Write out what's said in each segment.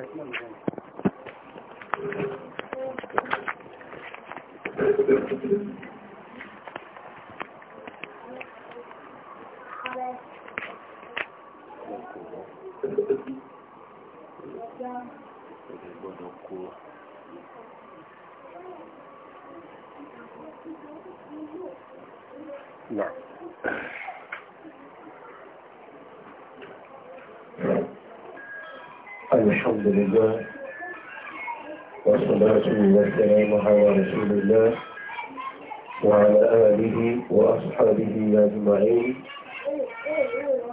Thank you. الحمد لله والصلاة والسلام على رسول الله وعلى آله وأصحابه أجمعين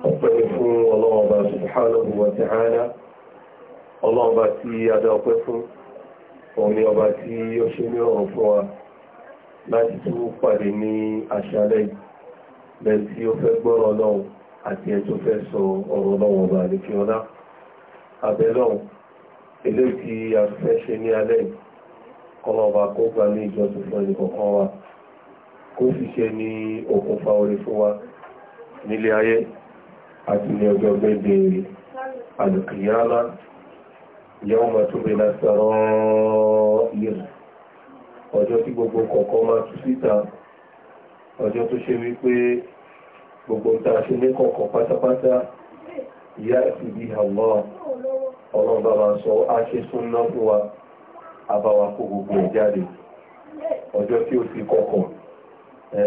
أطيف الله سبحانه وتعالى الله باتي أدوقف òní ọba tí ó ṣe ní ọ̀rọ̀ fún wa láti tún pàdé ní àṣálẹ́ bẹ́ẹ̀ tí ó fẹ́ gbọ́rọ̀ lọ́wọ́ àti abẹ́lọ́hùn eléyìí tí a ṣe ní alẹ́ yìí kọlọ́ọ̀bá ní ìjọsìn wa kó sì ṣe ní òkúnfà orí fún wa nílé ayé àti ní ọjọ́ gbẹ́gbẹ́ alùkìyàmá yawma tubla sarair ọjọ́ tí gbogbo kọ̀ọ̀kan máa tú síta ọjọ́ tó ṣe wípé gbogbo ta ṣe ní kọ̀ọ̀kan pátápátá yá àwọn ọlọ́run bá wa sọ aṣeṣún náà wa kó gbogbo ẹ̀ ọjọ ọjọ́ tí ó ti kọ̀kọ̀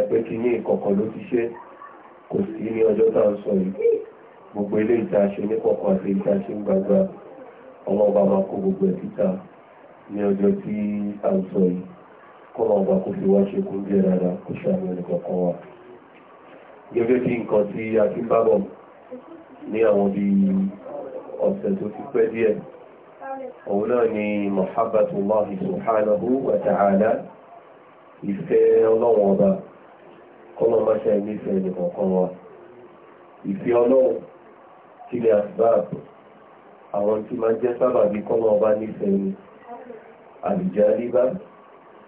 pé kí ní ìkọ̀kọ̀ ló ti ṣe kò sí ní ọjọ́ gbogbo ilé ìtaṣe ní kọ̀kọ̀ àti ìta ń gbàgbà gbogbo ẹ̀ ní ọjọ́ tí ń sọ yìí bá kó fi wá ṣe kún wa gẹ́gẹ́ bí nǹkan tí a ti ń ní ọ̀sẹ̀ tó ti pẹ́ díẹ̀ òun náà ni mahabbatullahi subhanahu wa ta'ala ìfẹ́ ọlọ́run ọba kọ́lọ́ máa ṣe nífẹ̀ẹ́ nìkọ̀ọ̀kan wa ìfẹ́ ọlọ́run kí ni àsìbáàbù àwọn tí máa jẹ́ sábàbí kọ́lọ́ ọba nífẹ̀ẹ́ ni àlùjáríbá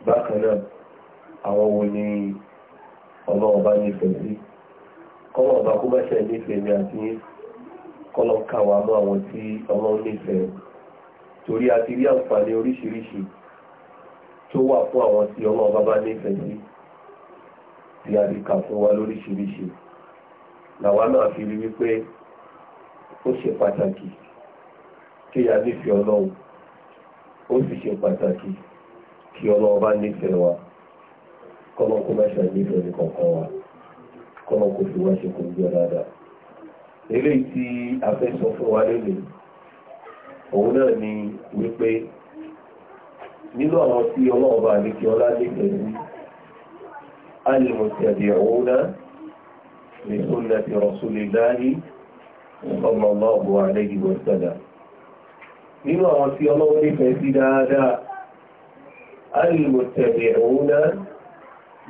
bákan náà àwọn wo ni ọlọ́run ọba nífẹ̀ẹ́ sí kọ́lọ́ ọba kó máa ṣe ni àti nífẹ̀ẹ́ kọ́lọ́ka wa mọ́ àwọn tí ọlọ́run nífẹ̀ẹ́ torí a ti rí àǹfààní oríṣiríṣi tó wà fún àwọn tí ọlọ́run bá bá nífẹ̀ẹ́ sí tí a lè kà fún wa lóríṣiríṣi làwa náà fi rí wípé ó ṣe pàtàkì kí a nífẹ̀ẹ́ ọlọ́run ó sì ṣe pàtàkì kí ọlọ́run bá nífẹ̀ẹ́ wa kọ́lọ́kọ́ máa ṣànífẹ̀ẹ́ ní kọ̀ọ̀kan wa kọ́lọ́kọ́ ṣe kò ń gbé dáadáa eré tí a fẹ́ sọ fún wa lélẹ̀ òun náà ni wípé nínú àwọn tí ọlọ́ọ̀bà ní kí ọlá lè pẹ̀lú alìmọ̀tẹ̀dì òun náà lè sọ́nà ti rọ̀súlẹ̀ láàrí sallallahu alayhi wa àwọn tí ọlọ́wọ́ ní fẹ́ sí dáadáa alìmọ̀tẹ̀dì òun náà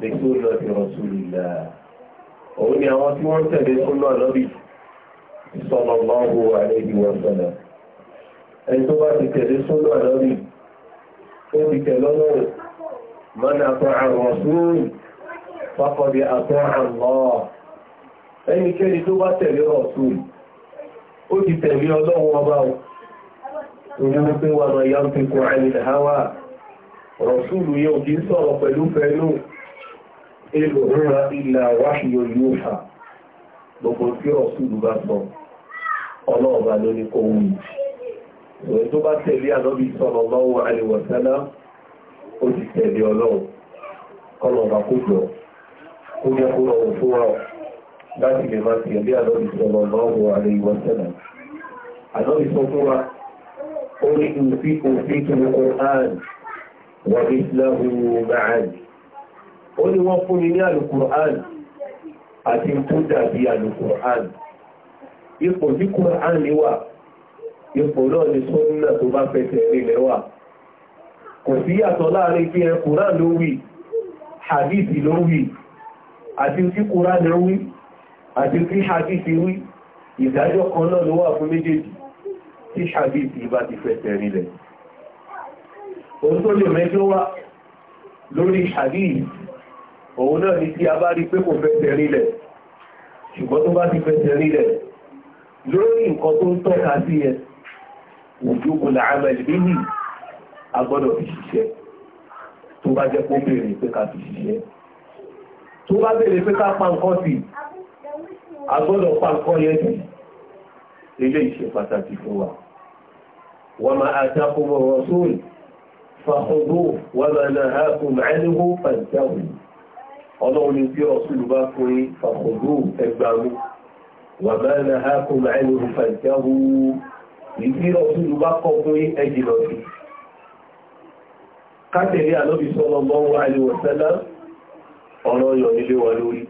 lè sọ́nà ti rọ̀súlẹ̀ láàrí àwọn tí wọ́n sallallahu alayhi wa sallam ẹni tó bá ti tẹ̀lé sọ́lọ́ àlọ́rí tó ti tẹ̀lọ́lọ́ man ata'a ar-rasul faqad ata'a Allah ẹnikẹ́ni tó bá tẹ̀lé ó tẹ̀lé yóò kí ń sọ̀rọ̀ pẹ̀lú rúra ilẹ̀ yóò gbogbo ọlọ́ọ̀bá ló ní kó wù ìwẹ̀ tó bá tẹ̀lé ànábì sallallahu alaihi wa sallam ó ti tẹ̀lé ọlọ́run kọlọ̀ọ̀bá kó jọ ó yẹ kó rọrùn fún wa láti lè máa tẹ̀lé ànábì sallallahu alaihi wa sallam sọ fún wa ó ní òfin òfin tó ní Qur'an wà ní ìsìláhù ó ní wọ́n fún mi ní àlùkùrán àti tó dàbí àlùkùrán ipò tí Kùránì wà ipò náà ni Sunnah tó bá fẹsẹ̀ nílẹ̀ wà kò sí yàtọ̀ láàrin kí ẹ Kùránì ló wí hadith ló wí àti tí Kùránì wí àti tí hadith wí ìdájọ́ kan náà ló wà fún méjèèjì tí hadith bá ti fẹsẹ̀ nílẹ̀ òun tó lè mẹ́jọ́ wá lórí hadith òun náà ni tí a bá rí pé kò fẹsẹ̀ nílẹ̀ ṣùgbọ́n tó bá ti fẹsẹ̀ nílẹ̀ lórí nǹkan tó ń tọ́ka sí ẹ òjòkó làámẹ́ ìbíní agbọ́dọ̀ fi ṣiṣẹ́ tó bá jẹ́ kó béèrè pé ká fi ṣiṣẹ́ tó bá béèrè pé ká pa nǹkan sí agbọ́dọ̀ pa nǹkan yẹn sí ilé ìṣe pàtàkì fún wa wọ́n máa àtàkùnmọ̀ rọ̀súùlù fàkọ̀dó wọ́n máa náà hákùn mẹ́rinwó pàtàkì ọlọ́run ní bí ọ̀sùlù bá fún yí fàkọ̀dó ẹgbàmú وما نهاكم عنه فانتهوا ìdí ọdún bá kọ́ fún ẹjì lọ sí kátẹ̀lé ànábì sallallahu alaihi wasallam ọ̀rọ̀ yọ nílé wà lórí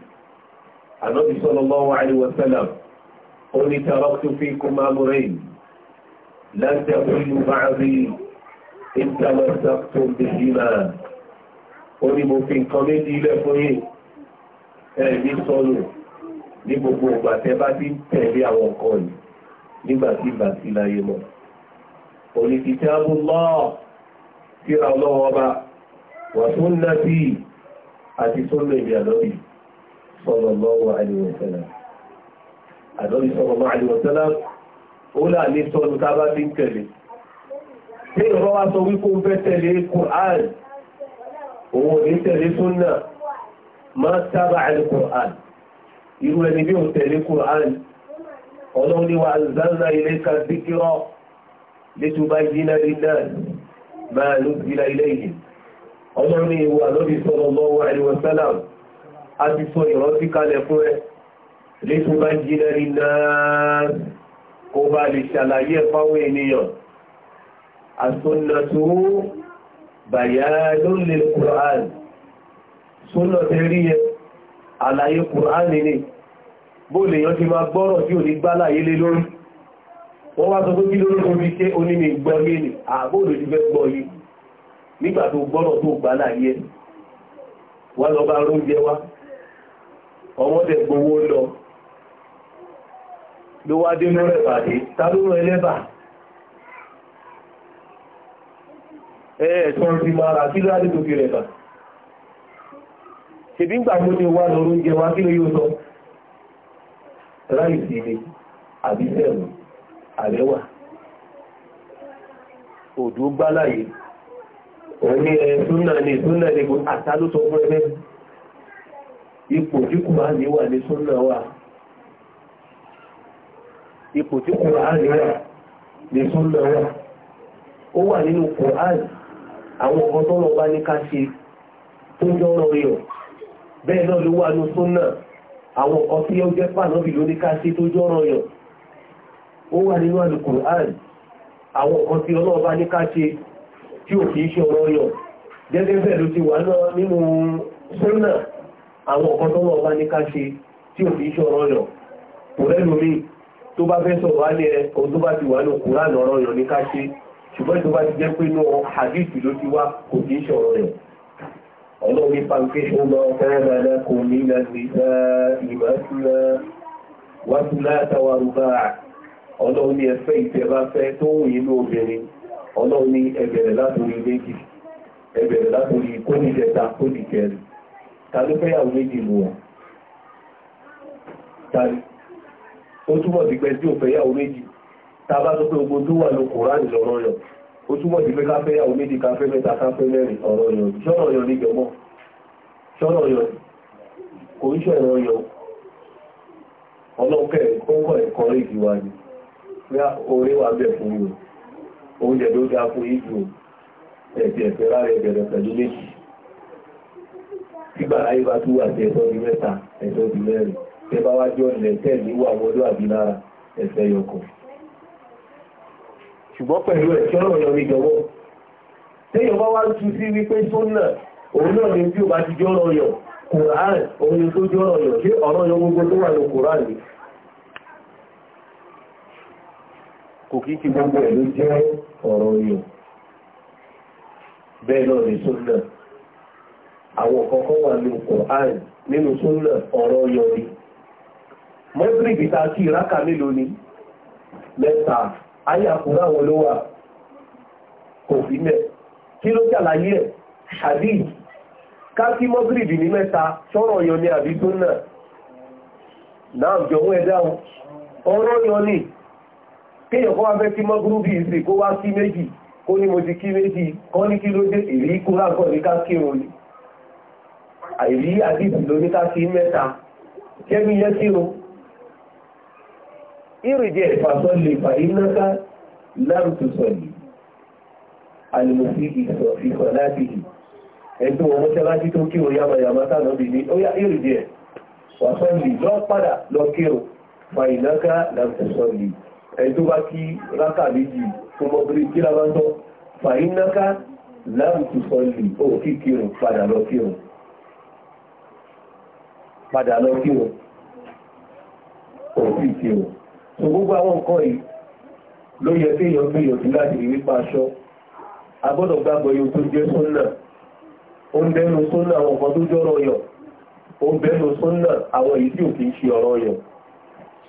ànábì sallallahu alaihi wasallam ó ní taraktu fikum amrayn lan tadillu ba'di in tamassaktum bihima ní gbogbo ìgbà tẹ́ bá ti tẹ̀lé àwọn nǹkan yìí nígbà tí ìgbà sí láyé mọ́ olùkìtàbùlọ́ síra ọlọ́wọ́ ọba wà sunnati àti súnlẹ̀ ìbí àdọ́bì sallallahu alaihi wasallam àdọ́bì sallallahu alaihi wasallam ó là ní sọ́nù tá bá ti ń tẹ̀lé tí ìrọ́ wá sọ wípé ó fẹ́ tẹ̀lé Qur'an òun ní tẹ̀lé súnnà máa tábà al irú ẹni bí òun tẹ̀lé Kùránì ọlọ́run ni wà zanna ilé ka zikirọ́ létúbá ìdínà dídá máa ló zira ilé yìí ọlọ́run ni ìwà lọ́bí sọ̀rọ̀ lọ́wọ́ àríwọ̀ sálàm a ti sọ ìrántí kalẹ̀ fún ẹ létúbá ìdínà dídá kó bá lè ṣàlàyé ẹ̀ ènìyàn àsọ̀nàtò bàyá ló lè Kùránì sọ́nà tẹ́rí yẹn àlàyé kùránì ni bó lè yàn ti máa gbọ́rọ̀ tí ò ní gbálàyé lé lórí wọ́n wá sọ pé kí lórí omi ṣe oními gbọ́ yé ni àbó ló ti fẹ́ gbọ́ yé nígbà tó gbọ́rọ̀ tó gbálàyé wá lọ bá róúnjẹ wá ọmọdé gbowó lọ ló wá dé lórí ẹ̀bàdé ta ló rán ẹlẹ́bà ẹ̀ẹ́dẹ́gbọ́n ti máa rà kí lórí àdéjòkè rẹ̀ bàdé ṣèbí ń gbà tó ní wà lórí oúnjẹ wa kí ló yóò sọ ráìsì ni àbí sẹ́ẹ̀mù àrẹwà òdò gbáláyé òun ní ẹ eh, súnà ní súnà ní kò àtà ló sọ fún ẹ ipò tí kò máa ní wà ní súnà wà ipò tí kò máa ní wà ní súnà wà ó wà nínú kòrán àwọn ọ̀kan tó lọ bá ní ká ṣe tó jọ́ ọ̀rọ̀ bẹ́ẹ̀ náà ló wà ní súnà àwọn ọkọ̀ tí ó jẹ́ pàánàbì ló ní ká sí tó jọ́rọ̀ yàn ó wà nínú Al-Qur'an àwọn ọkọ̀ tí ọlọ́ọ̀bá ní ká ṣe tí ò kìí ṣe ọ̀rọ̀ yàn gẹ́gẹ́ bẹ́ẹ̀ ló ti wà náà nínú súnà àwọn ọkọ̀ tó lọ́ọ̀bá ní ká ṣe tí ò kìí ṣe ọ̀rọ̀ yàn kò lẹ́nu mi tó bá fẹ́ sọ̀rọ̀ wálé ẹ ọlọ́ni pàǹkíṣọ́ lọ fẹ́ẹ̀rẹ̀ lẹ́kùn nílẹ̀ nìta ìmọ̀sílá wátúlá tàwàrùbá ọlọ́ni ẹ̀fẹ́ ìtẹ́bá fẹ́ tó yìí lóbìnrin ọlọ́ni ẹgbẹ̀rẹ̀ látòrí méjì ẹgbẹ̀rẹ̀ látòrí kónìjẹta kónìjẹrì ta ló fẹ́yàwó méjì mú wọn tàbí ó túmọ̀ sí pé tí ò fẹ́yàwó méjì ta bá sọ pé ogun tó wà lókùnrin lọ́rọ̀ yọ̀ ó túmọ̀ sí pé káfẹ́ yàwó méjì káfẹ́ mẹ́ta káfẹ́ mẹ́rin ọ̀rọ̀ yàn ṣọ́nà yàn ní jọmọ́ ṣọ́nà yàn kò ń ṣọ̀rọ̀ yàn ọlọ́kẹ́ kọ́kọ́ ẹ̀kọ́ ìdí wa ni pé orí wa bẹ̀ fún yàn oúnjẹ ló dáa fún ìdí o ẹ̀sẹ̀ ẹ̀fẹ́ rárẹ̀ bẹ̀rẹ̀ pẹ̀lú méjì nígbà ayé bá tún wà ẹ̀tọ́ di mẹ́ta ẹ̀tọ́ di mẹ́rin tẹ́ bá wá jọ ilẹ̀ tẹ́ẹ̀ níwà wọlé àbí ẹ̀fẹ́ yọkùnrin ṣùgbọ́n pẹ̀lú ẹ̀ tí ọ̀rọ̀ yọrí jọwọ́ téèyàn bá wá tu sí wípé sónà òun náà ni bí ó bá ti jẹ́ ọ̀rọ̀ yọ kùrán òun ni tó jẹ́ ọ̀rọ̀ yọ ṣé ọ̀rọ̀ yọ gbogbo tó wà ní kùrán ni kò kí ti gbogbo ẹ̀ ló jẹ́ ọ̀rọ̀ yọ bẹ́ẹ̀ náà ni sónà àwọn kọ̀ọ̀kan wà ní kùrán nínú sónà ọ̀rọ̀ yọ ni mọ́tírì bíi ta ìrákà mélòó ni mẹ́ta ayé àkùnrà wọn ló wà kò fi mẹ́ kí ló ṣàlàyé ẹ̀ hadith káàkiri mọ́gírìdì ní mẹ́ta sọ̀rọ̀ yan ní àbíkú náà náà jọ̀wọ́ ẹ dáhùn ọ̀rọ̀ yan ní kéèyàn kó wá fẹ́ kí mọ́gírìdì sí kó wá sí méjì kó ní mo ti kí méjì kọ́ ní kí ló dé èrí kó rákọ̀ ní káàkiri òní àìrí àdìsí ló ní káàkiri mẹ́ta kẹ́mi yẹ́ kírun ìrìjẹ ìfàsọ́lẹ̀ fàínáká lárùtùsọ̀lẹ̀ alìmọ̀sí ìsọ̀ láti ẹ̀tọ́ ọmọ tẹ́lájí tó kí òun yàmàyàmá tánà bí ní ó yá ìrìjẹ wàsọ́lẹ̀ lọ padà lọ kírò fàínáká lárùtùsọ̀lẹ̀ ẹ̀tọ́ bá kí rákà méjì fún mọ́bìnrin kí lábántọ́ fàínáká lárùtùsọ̀lẹ̀ ó kí kírò padà lọ kírò padà lọ kírò òfin kírò gbogbo àwọn nǹkan yìí ló yẹ pé èèyàn gbìyànjú láti rí wípa aṣọ a gbọ́dọ̀ gbàgbọ́ yóò tó jẹ́ sọ́nà ó ń bẹ́nu sọ́nà àwọn nǹkan tó jọ́rọ̀ yàn ó ń bẹ́nu sọ́nà àwọn èyí tí ò kì ṣe ọ̀rọ̀ yàn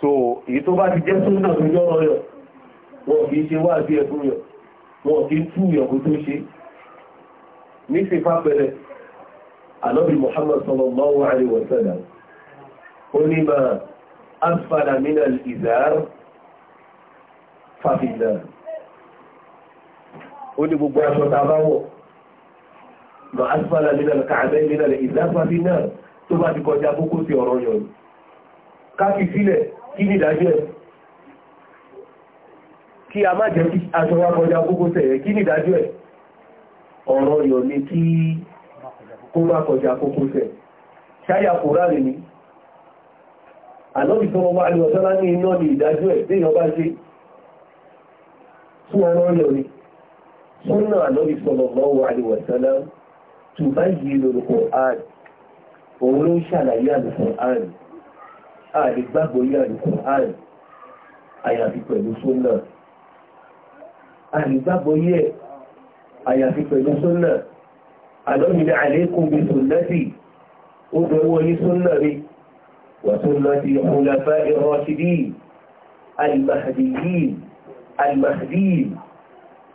so èyí tó bá ti jẹ́ sọ́nà tó jọ́rọ̀ yàn wọn kì í ṣe wá bí ẹkún yàn wọn kì í tú yàn kó tó ṣe nífi fápẹrẹ ànábì Muhammad sallallahu alaihi wa sallam ó ní máa asfala mina al-izar fàfìlà ó ní gbogbo aṣọ tá a bá wọ̀ lọ asfala mina al-ka'bayn mina al-izar fàfìlà tó bá ti kọjá kókó sí ọ̀rọ̀ yọ̀ káfí sílẹ̀ kí ni ìdájọ́ ẹ̀ kí a má jẹ́ kí aṣọ wa kọjá kókó sẹ̀yẹ kí ni ìdájọ́ ẹ̀ ọ̀rọ̀ yọ̀ ni kí kó má kọjá kókó sẹ̀ ṣáyà kò ráre ni àlọ́bì tó wọ́n bá lọ sọ́lá ní iná ní ìdájọ́ ẹ̀ tí ìyọba ṣe tún ọ̀rọ̀ lọ ni súnà àlọ́bì sọ̀rọ̀ mọ́ wà ní wọ̀sánà tó bá yìí lórúkọ àn òun ló ń ṣàlàyé àlùkò àn àlè gbàgbọ́ yé àlùkò àn àyàfi pẹ̀lú súnà àlè gbàgbọ́ yé àyàfi pẹ̀lú súnà àlọ́bì ní àlékún bí sùn lẹ́sì ó bẹ̀wọ̀ yí súnà rí وسنة الخلفاء الراشدين المهديين المهديين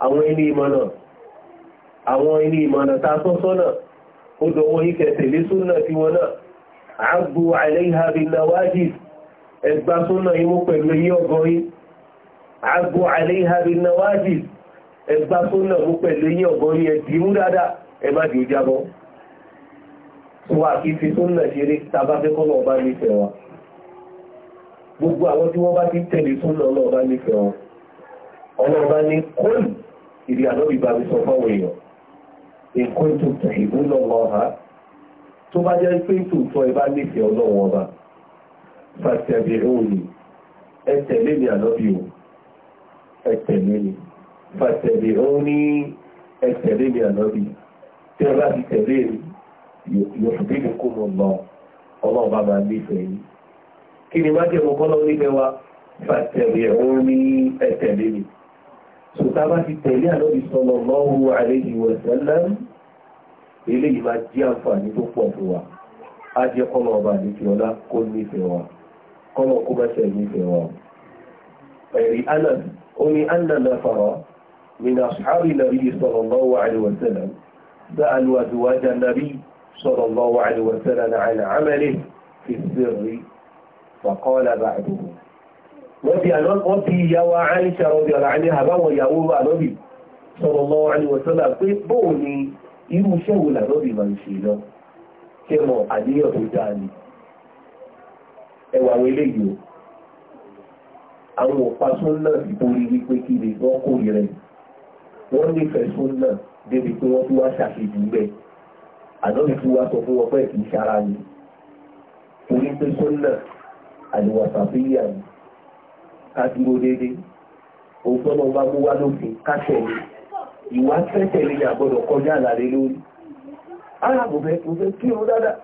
àwọn ẹni ìmọ̀nà àwọn ẹni ìmọ̀nà ta sọ́sọ́nà ó dọ̀wọ́ ikẹ̀ tẹ̀lé súnà tí wọn náà àgbò àìlẹ́yà bin nawajid ẹgbà súnà imú pẹ̀lú eyí ọgọ́rí àgbò àìlẹ́yà bin nawajid ẹgbà súnà mú pẹ̀lú eyí ọgọ́rí ẹ̀ wà kí fi tó nàìjírí tàbábẹ́kọ́ náà bá nífẹ̀ẹ́ wa gbogbo àwọn tí wọ́n bá ti tẹ̀lé tó náà náà bá nífẹ̀ẹ́ wọn ọlọ́ọ̀bá ní kóòlù ìdí àlọ́bí bá mi sọ fáwọn èèyàn èkó tó tẹ̀ ìbú náà lọ ha tó bá jẹ́ pé tòótọ́ ẹ bá nífẹ̀ẹ́ ọlọ́wọ́ ọba fàtẹ̀bí òní ẹ mi àlọ́bí o ẹ mi fàtẹ̀bí òní ẹ tẹ̀lé mi mi yòṣùbílì kó mọ̀ lọ ọlọ́run bá máa nífẹ̀ẹ́ yìí kí ni májẹ̀ mọ́ kọ́lọ́ nílẹ̀ wa fàtẹ̀lẹ̀ òun ní ẹ̀tẹ̀lé mi sòtá bá ti tẹ̀lé àlọ́bí sọlọ lọ́wọ́ àlejò ọ̀sẹ̀lẹ̀ eléyìí máa jẹ́ àǹfààní tó pọ̀ fún wa á jẹ́ kọ́lọ́ ọba àdéfẹ́ ọlá kó nífẹ̀ẹ́ wa kọ́lọ́ kó bá ṣe nífẹ̀ẹ́ wa ẹ̀rí anas ó ní annana fara min ashabi nabi sallallahu alaihi wasallam sa'alu azwaja صلى الله عليه وسلم على عمله في السر فقال بعده wọ́n fi ìyàwó àìṣà rọ̀bì ọ̀rọ̀ àní àbáwọn ìyàwó àlọ́bì sallallahu alaihi wasallam pé bóò ni irú iṣẹ́ wo làlọ́bì máa ń ṣe lọ ṣe mọ̀ àníyàn tó dáa ni ẹwà àwọn eléyìí o àwọn òpa súnnà ti borí wípé kí ni wọ́n kó rẹ̀ wọ́n nífẹ̀ẹ́ súnnà débi pé wọ́n tún wá ṣàṣejù bẹ́ẹ̀ ànábì tí wá sọ fún wọn pé kì í ṣara ni torí pé sọ́nà àlùwàsà fi yà ní ká dúró déédéé òun tọ́nà bá mú wá lófin kọjá àlàlé lórí aláàbò fẹ́ kò fẹ́ kí o dáadáa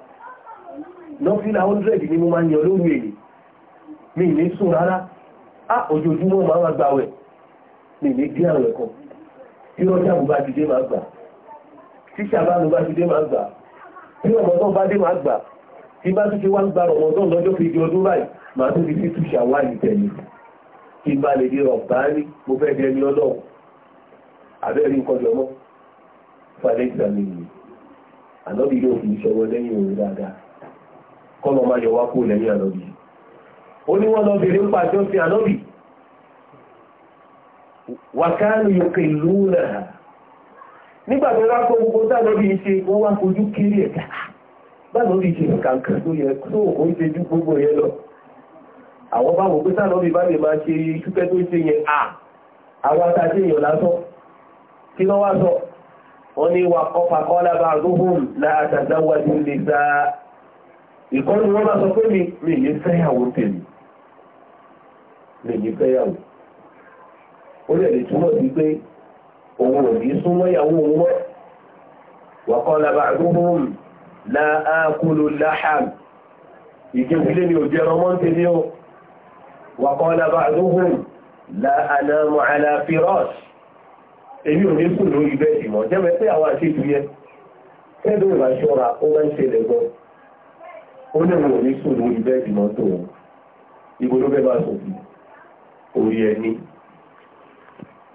100 ni mo máa ń yọ lórí mi ní sùn rárá á ojoojúmọ́ máa gbàwẹ̀ mi ní tí ṣàbánu bá ti dé máa gbà tí ọmọdún bá dé máa gbà ti wá ń gba ọmọdún lọ́jọ́ ọdún máa tún ti fi tún ṣàwáyé tẹ̀lé kí bá lè mo fẹ́ jẹ́ ní ọlọ́run àbẹ́rí nǹkan jọ mọ́ fàdé ìsàmì yìí yóò fi lẹ́yìn òun dáadáa máa yọ wá lẹ́yìn ó ní wọ́n lọ bèrè ń sí wàkánù nígbàtí wá kó gbogbo dánàbí ṣe ó wá kojú kiri ẹ̀dá dánàbí ṣe kankan tó yẹ tó ó ṣe ju gbogbo yẹn lọ àwọn bá wò pé dánàbí bá lè máa ṣe ṣúpẹ́ tó ṣe yẹn à àwọn atáṣe èèyàn lásán kí lọ́wọ́ sọ wọ́n ní wa kọfà kọ́lá bá rúhùn láàtàdáwájú lè sá ìkọ́ni wọ́n bá sọ pé mi mi ní fẹ́yàwó tèmi mi ní fẹ́yàwó ó lè lè túmọ̀ sí pé òun òbí súnmọ́ ìyàwó òun mọ́ wàkọ́lá bá àdúgbòm láàkúlù láhàm ìkéwìlé ni òjẹ́ ọmọ ń tèmi o wàkọ́lá bá àdúgbòm láàánàmọ̀ àlàfírọ́s èmi ò ní kù lórí bẹ́ẹ̀dì mọ́ jẹ́mẹ́ pé àwọn àṣejù yẹn kẹ́dùn ìbá ṣọ́ra ó máa ń ṣẹlẹ̀ gan ó ní òun ò ní kù lórí bẹ́ẹ̀dì mọ́ tó ìgbòlóbẹ́ bá sòfin orí ẹni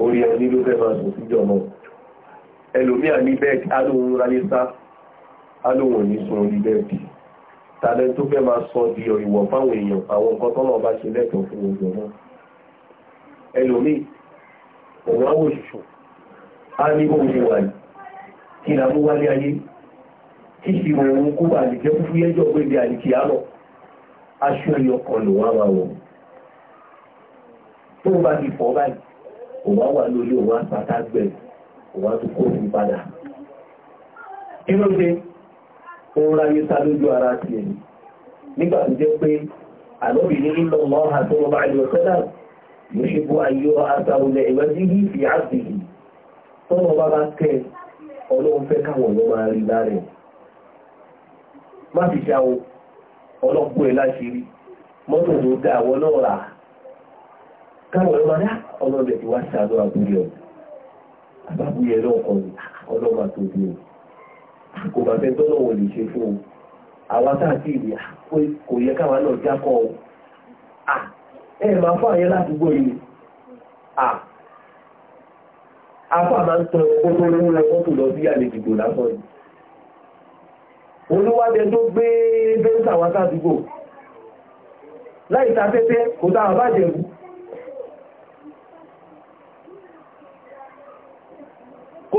orí ẹni ló fẹ́ máa sùn síjọ náà ẹlòmíà ní bẹ́ẹ̀dì alóhun ráyésá alóhun ní sun orí bẹ́ẹ̀dì tàbẹ́ tó fẹ́ máa sọ di ìwọ̀ fáwọn èèyàn àwọn nǹkan tọ́nà bá ṣe lẹ́tọ̀ọ́ fún ojú ọmọ ẹlòmí òun á wòṣùṣù á ní bó ṣe wà ní ni a mú wálé ayé tó bá ti fọ́ báyìí òwá wà lórí òwà pàtàgbẹ̀ òwà tó kó fi padà kí ló dé sá lójú ara ti ẹ̀ nígbà tó jẹ́ pé àlọ́bì ní nínú mọ́ àti ọmọ àìlú ayé àtàwọlẹ̀ fi tọ́nà bá bá tẹ ọlọ́run fẹ́ káwọn ọ̀nà máa rí lára o ẹ̀ láṣìírí mọ́tò tó náà rà káwọn ọlọ́dẹ̀ tí wá ṣàánú àbúyọ̀ àbábúyẹ̀ náà kọ̀ ní ọlọ́mà tó bí o kò bá fẹ́ tọ́lọ̀ wọ̀ lè ṣe o àwa tá àti ìwé kò yẹ káwa o ẹ máa fọ́ àyẹ́ ládùúgbò yìí afọ́ àmà ń tan ọkọ̀ lówó ọkọ̀ tó lọ sí àlejò lásán yìí olúwádẹ tó gbé bẹ́ńsà wá sádùúgbò láì tẹ́tẹ́ kò tá a bá jẹ̀bú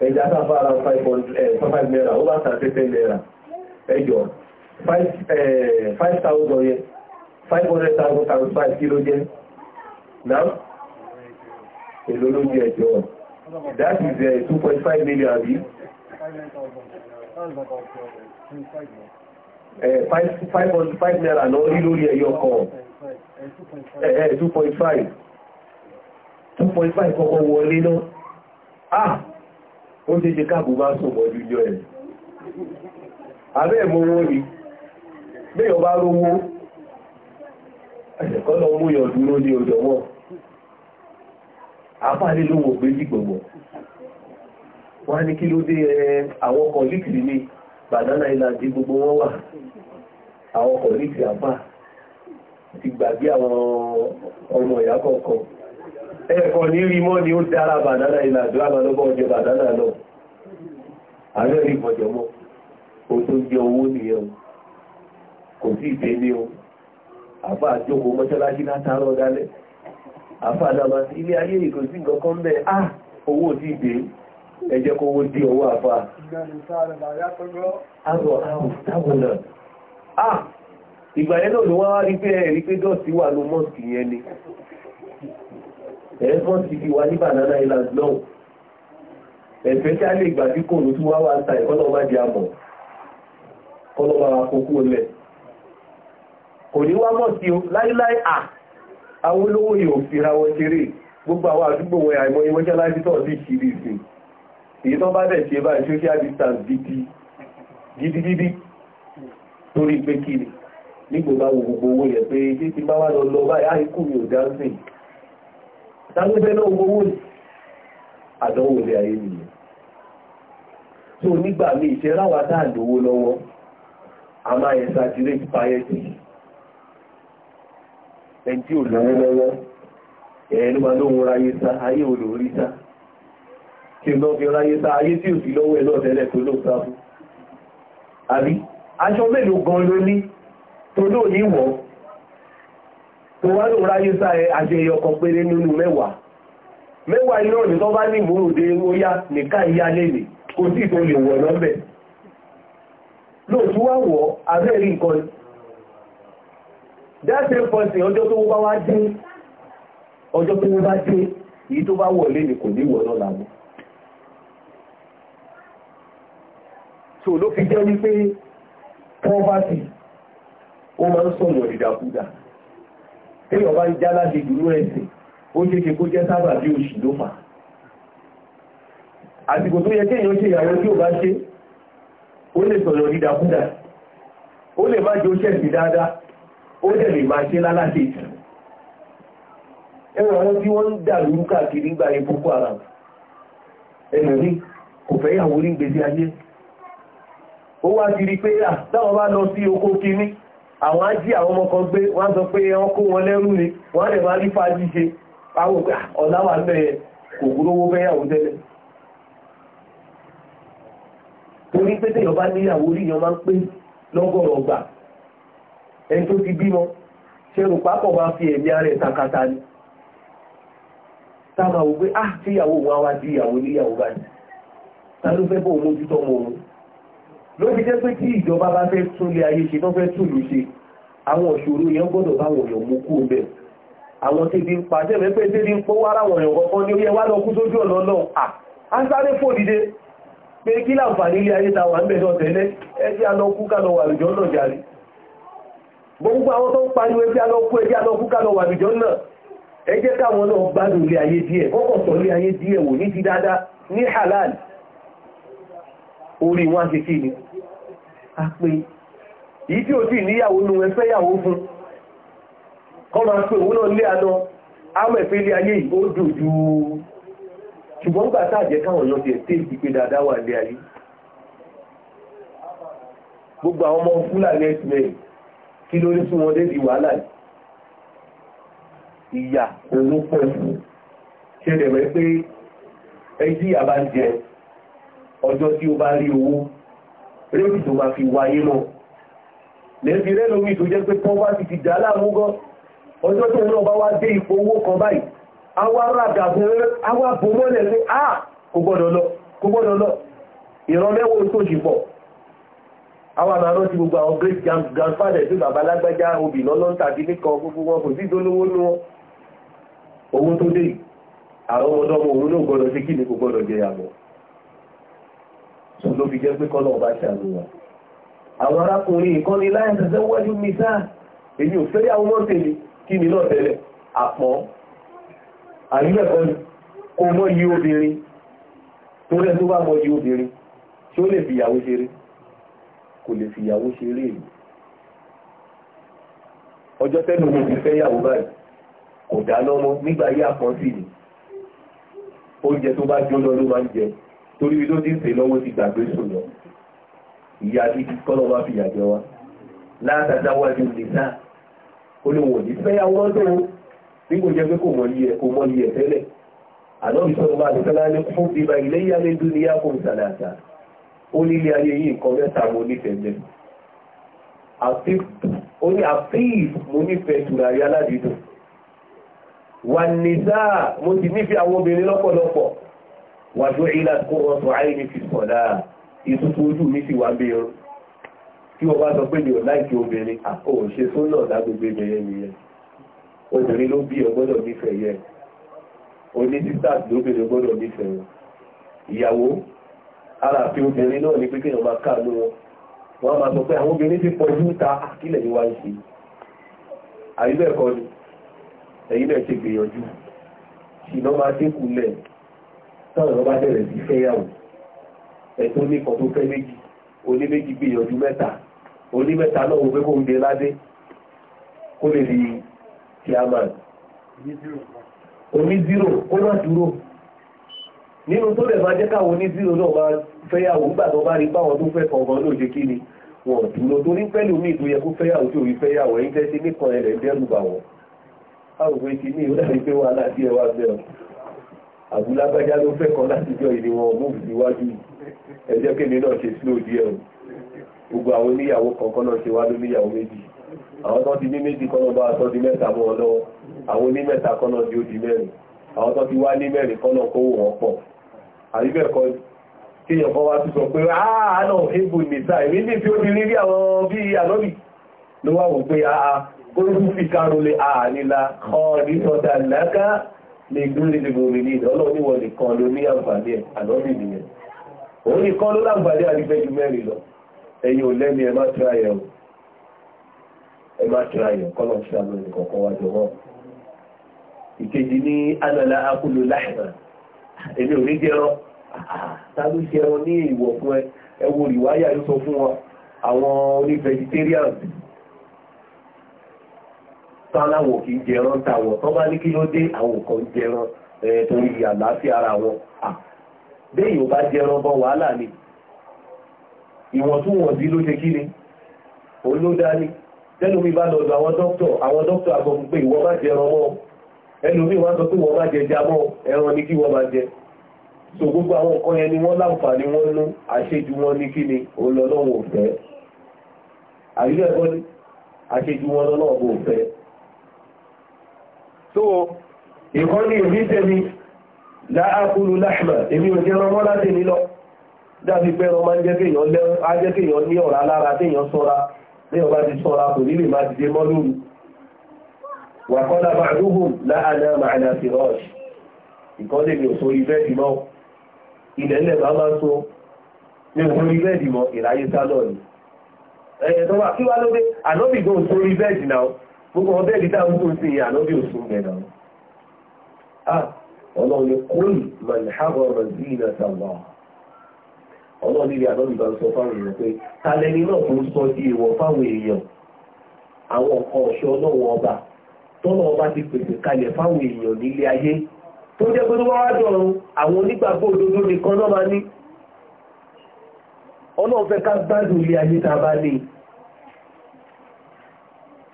ẹja sáfàrà 5 eh, naira ó bá sàtẹ́fẹ́ naira ẹjọ́ 5,000 eh, yẹn 500,000 times 5 kilo jẹ́ náà èlò ẹjọ́ that is uh, eh, 2.5 million bí five point five naira lọ rí lórí ẹyọ kan ẹ̀ 2.5 2.5 kọ́kọ́ wọlé náà ah ó ṣe ṣe káàbù bá sọ̀mọ̀ lójọ́ ẹ̀ abẹ́ mọ́wọ́ ni bẹ́yọ̀ bá rówó ẹ̀ṣẹ̀kọ́ lọ mú yọ dúró ní ọjọ́wọ́ afáàlé ló wò pé jìgbọ̀gbọ̀ wọ́n ní kí ló dé àwọn kọ̀líkì ní banana island gbogbo wọn wà àwọn kọ̀líkì àbá ti gbàgbé àwọn ọmọ ìyá kọ̀ọ̀kan ẹ̀kọ́ ní rí mọ́ ni ó dára bàdánà ìlàjọ́ àmàlọ́bọ̀ bàdánà náà ààrẹ rí mọ̀jọ̀ mọ́ o tó jẹ owó nìyẹn kò sí ìpé ní o àfà àjókòó mọ́ṣáláṣí látàárọ̀ dálẹ̀ àfà àdàmà sí ilé ayé ìkò sí nǹkan kan bẹ́ẹ̀ ah! á ẹ̀ fọ́n ti fi wá ní banana island náà ẹ̀fẹ́ tí a lè gbà tí kò ní tí wá wá ta ìkọ́lọ̀ bá di àmọ̀ kọ́lọ̀ bá wa kókó lẹ̀ kò ní wá mọ̀ sí o láíláí à àwọn olówó yóò fi ra wọn ṣeré gbogbo àwọn àdúgbò wọn àìmọ̀ ìwọ́n jẹ́ láti tọ́ sí ìṣirí ìsìn èyí tó bá dẹ̀ ṣe báyìí social distance gidi gidigidi torí pé kiri nígbò bá wo gbogbo owó yẹ pé títí bá wà lọ lọ báyìí àìkú mi ò dá sí táwọn náà gbowó ní àdánwò ilé ayé nìyẹn tó nígbà míì ṣe ráwa lówó lọ́wọ́ a máa yẹ saturate piety ẹni tí ò lówó lọ́wọ́ ẹ̀yẹn máa lóhun ráyé sá ayé ò sá kí n fi ráyé sá ayé tí ò sí lọ́wọ́ náà tẹ́lẹ̀ tó gan ló ní tó tó wá lò ráyé sáyẹ àjẹyọ kan péré nínú mẹ́wàá mẹ́wàá iná ní tó bá ní ìmúròdé óyá nìka ìyá lèlè kò sí ìtò lè wọ̀ lọ́bẹ̀ lóòtú wá wọ̀ abẹ́rí nǹkan dáṣe pọ̀sìn ọjọ́ tó bá wá dé ọjọ́ tó bá dé èyí tó bá wọ̀ lèlè kò ní wọ̀ lọ́la mọ́ so ló fi jẹ́ wípé pọ́fàtì ó máa ń sọ̀rọ̀ ìdàkúdà téèyàn bá ń já láti dúró ẹ̀sìn ó ṣe ṣe kó jẹ́ sábà bí oṣù ló fà àsìkò tó yẹ kéèyàn ṣe ìyàwó tí ò bá ṣe ó lè sọ̀rọ̀ dídakúdà ó lè má jẹ́ oṣẹ́ sí dáadáa ó dẹ̀ lè máa ṣe láláṣe ìtù ẹwọ̀n àwọn tí wọ́n ń dà lóru káàkiri gba epo kó ara ẹlòmí kò fẹ́ yàwó ní gbèsè ayé ó wá ti rí pé à bá lọ sí oko kínní àwọn ají àwọn ọmọ kan gbé wọ́n sọ pé wọ́n wọn lẹ́rú ni wọ́n lè máa rí fàájí ṣe àwọn òkè ah, ọ̀láwà bẹ́ẹ̀ kò gúrówó fẹ́yàwó tẹ́lẹ̀ torí pé tẹ́yọ̀ bá níyàwó rí yan máa ń pé lọ́gọ̀rọ̀ ọgbà ẹni tó ti bímọ pápọ̀ máa fi ẹ̀mí ara ẹ̀ takata ni táwọn ah, àwọn ló fi jẹ́ pé tí ìjọba bá fẹ́ túnlé ayé ṣe tó fẹ́ túlù ṣe àwọn òṣòro yẹn gbọ́dọ̀ bá wọ̀nyàn mú kú bẹ̀ àwọn tí ti ń pa jẹ́ mẹ́fẹ́ tí ti ń pọ́ wára wọ̀nyàn kọ̀ọ̀kan ní oyẹ wá lọ kú sójú ọ̀nà náà à á ń sáré fò dìde pé kí láǹfààní ilé ayé ta wà ń bẹ̀ náà tẹ́lẹ̀ ẹ jẹ́ alọ́ kú ká lọ wà lùjọ́ náà jàre gbogbo àwọn tó ń pariwo ẹjẹ́ alọ́ kú ẹjẹ́ alọ́ kú ká lọ wà lùjọ́ náà ẹ jẹ́ káwọn náà gbádùn ilé ayé díẹ̀ kọ́kọ̀ sọ ilé ayé díẹ̀ wò ní ti dáadáa ní halal orí wọn ṣe kí ni apé yìí tí ò tí níyàwó nù ẹfẹ́ yàwó fún kọ́ máa pé òun náà lé àná àmọ́ ẹ̀fẹ́ ilé ayé ìbò dòdò ṣùgbọ́n nígbà tá àjẹ́ káwọn èèyàn tiẹ̀ tí èsì pé dáadáa wà lé ayé gbogbo àwọn ọmọ fúlàní ẹ̀sìnlẹ̀ kí ló ní sún wọn débi wàhálà ìyà òun pọ̀ fún ṣẹlẹ̀ rẹ̀ pé ẹjí àbájẹ ọjọ́ tí ó bá rí owó rédì tó máa fi wáyé lọ lẹ́bí rẹ̀ lórí tó jẹ́ pé pọ́ bá ti ti dà láàmú gan ọjọ́ tó ń lọ bá wá dé kan báyìí bò mọ́lẹ̀ pé a kò gbọ́dọ̀ lọ kò gbọ́dọ̀ lọ ìrànlẹ́wọ́ tó ṣì pọ̀ àwa máa gbogbo àwọn great grandfather tó bàbá lágbájá obì lọ́lọ́ tàbí gbogbo wọn kò sí ní wọn owó tó dé òun náà sí kí ni tó ló fi jẹ́ pé kọ́lọ̀ ọba ṣàlùwà àwọn arákùnrin ìkọ́ni láyé tẹ́tẹ́ wọ́jú mi sáà èmi ò fẹ́ yàwó mọ́ tèmi kí mi náà tẹ́lẹ̀ àpọ́n àyíbẹ̀kọ́ ni kò mọ́ yí obìnrin tó rẹ̀ tó bá mọ́ yí obìnrin tí ó lè fi ìyàwó ṣeré kò lè fi ìyàwó ṣeré èyí ọjọ́ tẹ́lú mo ti fẹ́ yàwó báyìí kò dáná mọ́ nígbà yí àpọ́n sí ni oúnjẹ tó bá jóná ló máa ń jẹ torí ibi tó ti ń ṣe lọ́wọ́ ti gbàgbé sùn lọ ìyá gidi kọ́lọ́ wá fi yàjọ wa látàdá wájú nìta olówó ní fẹ́yàwó ọdún bí kò jẹ́ pé kò mọ̀ yí ẹ̀ kò mọ̀ yí ẹ̀ tẹ́lẹ̀ àlọ́bí sọ́rọ̀ máa lè sọ́lá ní fún bíbá ilé yá mo nífẹ̀ẹ́ ní àfíìf àwọn obìnrin lọ́pọ̀lọpọ̀ wàjú ilá kọ́rọ̀ tó àìní fi sọ̀dá ìtútù ojú mi ti wà bíi ọrùn tí wọ́n bá sọ pé mi ò láìkí obìnrin àkó ṣe sónà lágbègbè bẹ̀rẹ̀ nìyẹn obìnrin ló bí ọ gbọ́dọ̀ nífẹ̀ẹ́ yẹ oní sisters lóbìnrin gbọ́dọ̀ nífẹ̀ẹ́ wọn ìyàwó ara àfi obìnrin náà ní pé kéèyàn máa káàánú wọn wọ́n máa sọ pé àwọn obìnrin ti pọ̀jú ta kílẹ̀ ní wá ń ṣe àyíbẹ̀kọ ni ẹ̀yìn náà ti gbìyànjú ṣìnà máa dínkù lẹ̀ táwọn ọba bẹ̀rẹ̀ sí fẹ́yàwó ẹ̀tọ́ oníkan tó fẹ́ méjì oní méjì gbìyànjú mẹ́ta oní mẹ́ta náà wo pé kó ń gbé ládé kó lè di chairman oní zero kó má dúró nínú tó lè máa jẹ́ káwọn oní zero náà máa fẹ́yàwó nígbà tó bá rí báwọn tó fẹ́ kọ̀ọ̀kan náà ṣe kí ni wọn dúró torí pẹ́lú mi tó yẹ kó fẹ́yàwó tó rí fẹ́yàwó ẹ̀yìn tẹ́sí nìkan ẹ̀rẹ̀ dẹ́rù bà wọ́n. àwọn òfin ti ní ìwé àti pé wàhálà sí ẹwà bẹ́ẹ̀ àbúlágbájá ló fẹ́ kan láti jọ ìrìn wọn múùfù síwájú ẹjẹ́ kéde náà ṣe slow díẹ̀ o gbogbo àwọn oníyàwó kọ̀ọ̀kan náà ṣe wá ló níyàwó méjì àwọn tó ti ní méjì kọ́nà bá aṣọ di mẹ́ta mọ́ ọlọ́wọ́ àwọn onímẹ́ta kọ́nà di ó di mẹ́rin àwọn tó ti wá ní mẹ́rin kọ́nà kówó wọn pọ̀ àríbẹ̀kọ́ kíyàn kan wá tún sọ pé àánà ìbò nìta èmi ní tí ó ti rírí àwọn bí ànọ́bì ló wà wò pé àá kó ló fi kárólé àà ah, nílá ọ̀ ní lè gúnlẹ̀ lè borí ní ìdánwò níwọ̀n nìkan ló ní àǹfààní ẹ̀ ànọ́bì nìyẹn òun nìkan ló láǹfààní àdìgbẹ́ ju mẹ́rin lọ ẹ̀yin ò lẹ́ni ẹ má tíra o ẹ má tíra yẹ kọ́ lọ́ọ́ tíra lónìí kọ̀ọ̀kan wájú mọ́ ìkejì ní anàlá akúlù láìmà èmi ò ní jẹran ta ló ṣe ẹran ní ìwọ̀ fún ẹ ẹ wo rìwáyà yóò táláwò kì í jẹran táwọn tọ́ bá ní kí ló dé àwọn nǹkan jẹran torí sí ara wọn béèyàn bá jẹran bọ wàhálà ni ló ṣe kí ni olódání tẹ́lú mi bá lọ́dọ̀ àwọn dókítọ̀ àwọn dókítọ̀ àgbọ̀n pé ìwọ bá mọ́ ẹnu mi wá sọ pé ẹran ni kí wọ́n bá jẹ so gbogbo àwọn nǹkan yẹn ni wọ́n láǹfààní so ìkọ́ ní ìbí tẹ́mi láàkúrú láhmà èmi ò jẹ́ ọmọ láti nílọ dábí pé ọmọ jẹ́ kéèyàn ní ọ̀rá lára téèyàn sọ́ra ní ọba ti sọ́ra kò nílè máa dìde mọ́ lóru wàkọ́lá màdúhùn láàrín àmà sí ìkọ́ gbogbo ọdẹ ìdíta ń tún sí ànábì òsùn mẹ́ta ọlọ́run kúl mọ̀lẹ́hàbọ̀ rọ̀zí ilẹ̀ sàwà ọlọ́run ilẹ̀ ànábì bá ń sọ fáwọn èèyàn pé talẹ́ni náà kò ń sọ di èèwọ̀ fáwọn èèyàn àwọn nǹkan ọ̀ṣọ́ ọlọ́run ọba tọ́lọ́ ọba ti pèsè kalẹ̀ fáwọn èèyàn nílé ayé fẹ́ ká gbádùn ilé ayé tá bá ní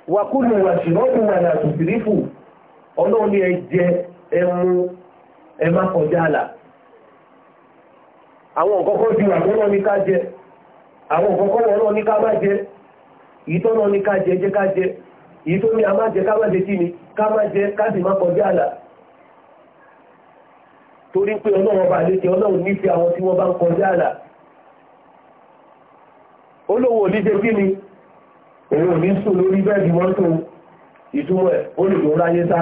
wàkúlù wàṣìmọ́kù wà ní àtùsìrífù ọlọ́run ẹ ẹjẹ ẹmu ẹmá kọjá àlà àwọn kọ́kọ́ ju àkọ́lọ́ ní ká jẹ àwọn kọ́kọ́ wọ́n ní ká má jẹ ìtọ́nà ní ká jẹ jẹ ká jẹ èyí tó ní a má jẹ ká má jẹ kí ni ká má jẹ ká sì má kọjá àlà torí pé ọlọ́run bá lè jẹ ọlọ́run nífẹ̀ẹ́ àwọn tí wọ́n bá ń kọjá àlà olówó òdíje kí ni òun ò ní sùn lórí bẹ́ẹ̀dì mọ́tò ìtumọ̀ ẹ̀ ó lè lóun ráyé sá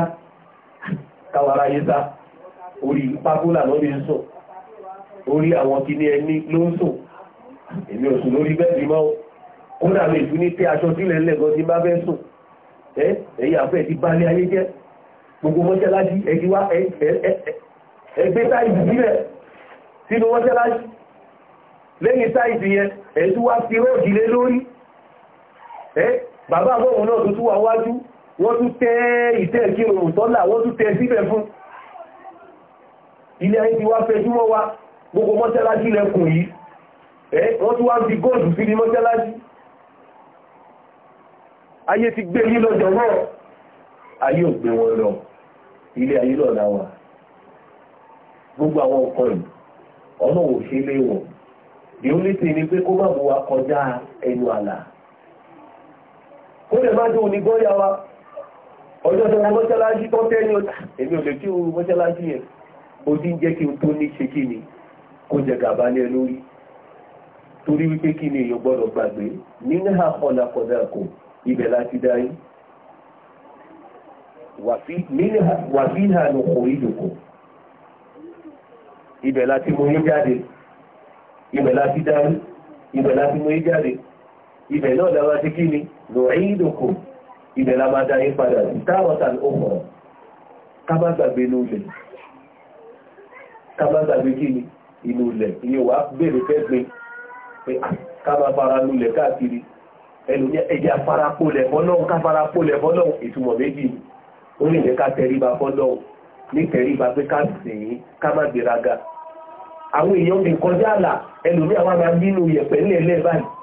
káwa ráyé sá orí pápúlà ló ní sùn orí àwọn kìíní ẹni ló ń sùn èmi ò sùn lórí bẹ́ẹ̀dì mọ́ kódà mi ìtú ní pé aṣọ sílẹ̀ lẹ́gọ́ ti bá fẹ́ sùn ẹ ẹ̀yìn àfẹ́ ti bá ní ayé jẹ́ gbogbo mọ́ṣáláṣí ẹ̀dí wá ẹgbẹ́ táìsì sílẹ̀ sínú mọ́ṣáláṣí lẹ́yìn táìsì yẹn ẹ̀dí wá fi róòdì lé lórí bàbá àwọn náà tuntun wà wájú wọ́n tún tẹ́ ìtẹ́ kí oòrùn tọ́lá wọ́n tún tẹ́ síbẹ̀ fún ilé ayé ti wá fẹjúmọ́ wa gbogbo mọ́ṣáláṣí lẹ́kùn yìí wọ́n tún wá ń fi góòlù sí ní mọ́ṣáláṣí ayé ti gbé yí lọ́jọ́ náà ayé ò wọn lọ ilé ayé lọ́la wa gbogbo àwọn ọkọ yìí ọlọ́wọ́ ṣe léwọ̀ the only thing ni pé kó má bọ̀ kọjá ẹnu àlà kó lè má dùn ní gbọ́yà wa ọjọ́ tó wọn mọ́ṣáláṣí tó tẹ́yìn ọ̀tà ah, èmi ò lè kí oru mọ́ṣáláṣí yẹn ó ti ń jẹ́ kí n tó ní ṣe kí ni kó jẹ gàba lé lórí torí wípé kí ni èèyàn gbọ́dọ̀ gbàgbé nínú àkọlà kọ̀dà kò ibẹ̀ láti dá yín wàfí hàn kò ìdòkò ibẹ̀ láti mú yín ibẹ̀ láti dá ibẹ̀ láti mú yín ibẹ̀ náà làwọn ti kí ni nùídùkù ilẹ̀ lamada yí padà sí táwọ̀tàn òmùrọ̀ kábàgbàgbé inú ilẹ̀ kábàgbàgbé kí ni inú ilẹ̀ iye wà bèèrè fẹ́gbẹ́ pé ah, kábà fara lulẹ̀ káàkiri ẹnu ní ẹjẹ́ afárapólẹ̀ fọ́lọ́hùn káfárapólẹ̀ fọ́lọ́hùn ìtumọ̀ méjì ó lè jẹ́ ká tẹríba fọ́lọ́hùn ní tẹríba pé ká sìn ká má gbéraga àwọn èèyàn lè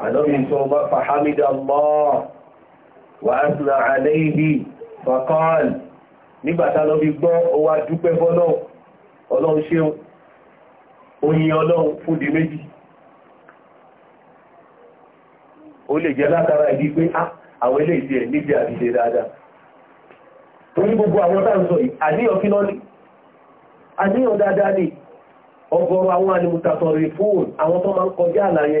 àdọ́bìn tó bá fàhámídà Allah wà á sùn àléhì fàkọ́ọ̀lì nígbàtà lọ bí gbọ́ ó wá dúpẹ́ fọ́lọ́ ọlọ́run ṣeun oyin ọlọ́run fún di méjì ó lè jẹ́ látara ìdí pé ah, àwọn ilé ìdí ẹ̀ níbi àdìṣe dáadáa torí gbogbo àwọn tá ń yìí àníyàn kí lọ́lí àníyàn dáadáa ni ọgọ́rọ̀ àwọn alìmùtàtọ̀rẹ̀ fóòn àwọn tó máa ń kọjá àlàyé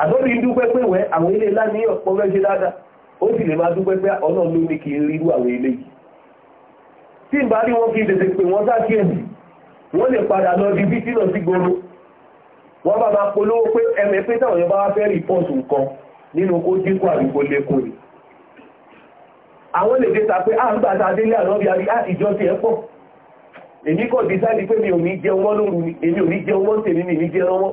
àdọ́bí dúpẹ́ pé wẹ́ àwọn ilé ńlá ní ọ̀pọ̀ mẹ́ṣe dáadáa ó sì lè máa dúpẹ́ pé ọ̀nà ló ní kí n rí irú àwọn ilé yìí tí n bá rí wọn kí n tètè pè wọn sákìyèsí wọn lè padà lọ di bíi sílọ sí gbòòrò wọn bá máa polówó pé ẹmẹ pé táwọn yẹn bá wá fẹ́ rìpọ́ọ̀tù nǹkan nínú kó dínkù àdúgbò lẹ́kọ̀ọ́ ni àwọn lè dé ta pé à ah, ń gbà ta délé àlọ́bí àbí á ah, ìjọ ti ẹ̀ pọ̀ èmi kò dísáìdì pé mi ò ní jẹun mọ́ lóru ni èmi ò ní jẹun mọ́ tèmi mi ní jẹun mọ́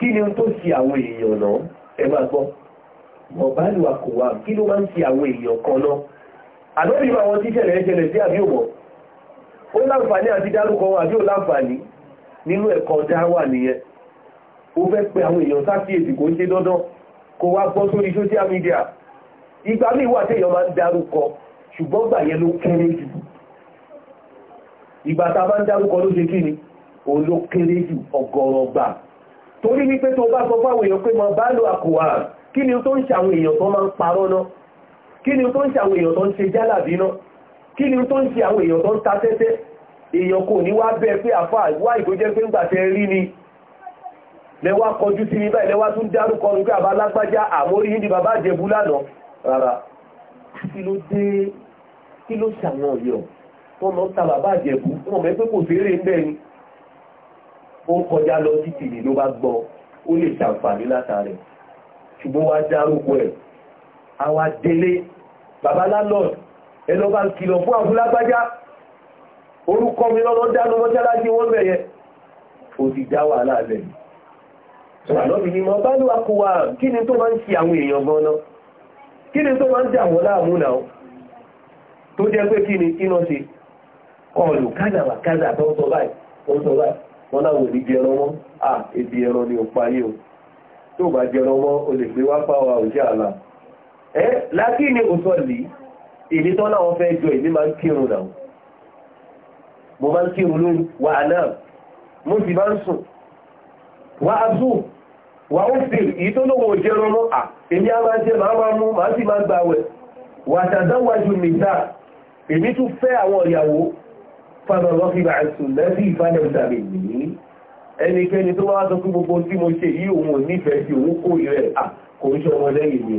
kí ni tó ṣe àwọn èèyàn náà ẹ máa gbọ́ mọ̀bálù àkùwà kí ló máa ń ṣe àwọn èèyàn kan náà àlọ́bí máa wọn tíṣẹ̀lẹ̀ ẹ̀ṣẹ̀lẹ̀ sí àbí òmọ̀ ó láǹfààní àti dárúkọ àbí ò láǹfààní nínú ẹ̀kọ́ dáwà nìyẹn ó fẹ́ pé àwọn èèyàn sáfíyèsí kò ṣe dandan kó wá gbọ́ sórí social media ìgbà míì wà téèyàn máa ń dárúkọ ṣùgbọ́n gbà yẹn ló kéré jù ìgbà tá a máa ń dárúkọ ló ṣe kí ni ló kéré torí wípé tó bá sọ fáwọn èèyàn pé máa bá lò àkùwà kí ni tó ń ṣe àwọn èèyàn tó máa ń parọ́ náà kí ni tó ń ṣe àwọn èèyàn tó ń ṣe jálàbí náà kí ni tó ń ṣe àwọn èèyàn tó ń ta tẹ́tẹ́ èèyàn kò ní wá bẹ́ẹ̀ pé àfà wá ìgbójẹ́ pé ńgbà tẹ́ rí ni lẹ́wà kọjú sí ní báyìí lẹ́wà tún dárúkọ nígbà bá lágbájá àmórí yìí bàbá àjẹbú lánàá rárá kí ló dé kí ló ṣàwọn ọ̀yọ́ tó lọ ta bàbá àjẹbú wọn mọ̀ pé kò fèrè bẹ́ẹ̀ ni ó ń kọjá lọ títì ní ló bá gbọ́ ó lè ṣàǹfààní látàrí ṣùgbọ́n wá dárúkọ ẹ̀ àwa délé bàbá landlord ẹ lọ bá ń kìlọ̀ fún àbúlágbájá orúkọ mi lọ́lọ́ dánú mọ́ṣáláṣí wọ́n bẹ̀yẹ ó ti dá wàhálà lẹ̀ ṣàlọ́bì ni mo bá ló wá kó wa kí ni tó máa ń ṣe àwọn èèyàn gan náà kí ni tó máa ń dà wọ́n láàmú náà tó jẹ́ pé kí ni kí náà ṣe kọlù kádàbà kádàbà ó sọ báyìí ó sọ báyìí wọ́n láwọn òní jẹran wọ́n à ebi ẹran ni ò payé o tó bá jẹran wọ́n o lè gbé wá fáwọn òjá àlà ẹ́ lákì ní òsọ lì èdè tán láwọn fẹ́ jọ èmi máa ń kírun náà mo máa ń kírun lórí wà náà mo sì máa ń sùn wà á sùn wà ó sì èyí tó lóun ò jẹran wọ́n à èmi á máa jẹ màá máa mú màá sì máa gbàwẹ̀ wà àtàdáwájú nìta èmi tún fẹ́ àwọn ìyàwó fàmà rọ́fìbà àìsùnlẹ́bí ìfànàmùsàmì nìyí ẹnikẹ́ni tó máa sọ pé gbogbo tí mo ṣe yí òun nífẹ̀ẹ́ sí òun kó ìrẹ́ à kò ń ṣe ọmọ lẹ́yìn mi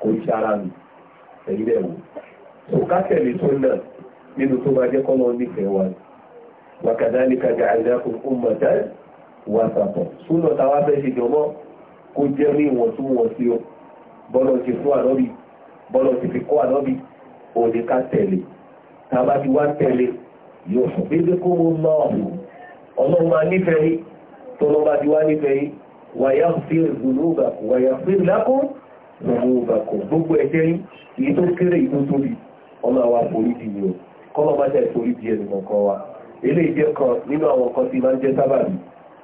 kò ń ṣe ara mi ẹ̀yìn ẹ̀wò tó kásẹ̀lì tó náà nínú tó máa jẹ́ kọ́mọ nífẹ̀ẹ́ wa wàkàdánìkà ja'alnakum ummatan wasatan súnà tàbá ti wá tẹ̀lé yóò fún bíbí kó mú mọ́ ọ̀hún ọlọ́run máa nífẹ̀ẹ́ yìí tó lọ́ bá ti wá nífẹ̀ẹ́ yìí wàyà fi ìgbòlóògbà kò wàyà fi ìlákò ìgbòlóògbà kò gbogbo ẹ̀jẹ̀ yìí èyí tó kéré ìtó tóbi ọmọ àwa forí di yìí o kọ́nà bá jẹ́ ìforí di ẹnì kọ̀ọ̀kan wa eléyìí jẹ́ kan nínú àwọn kan tí máa ń jẹ́ sábàbí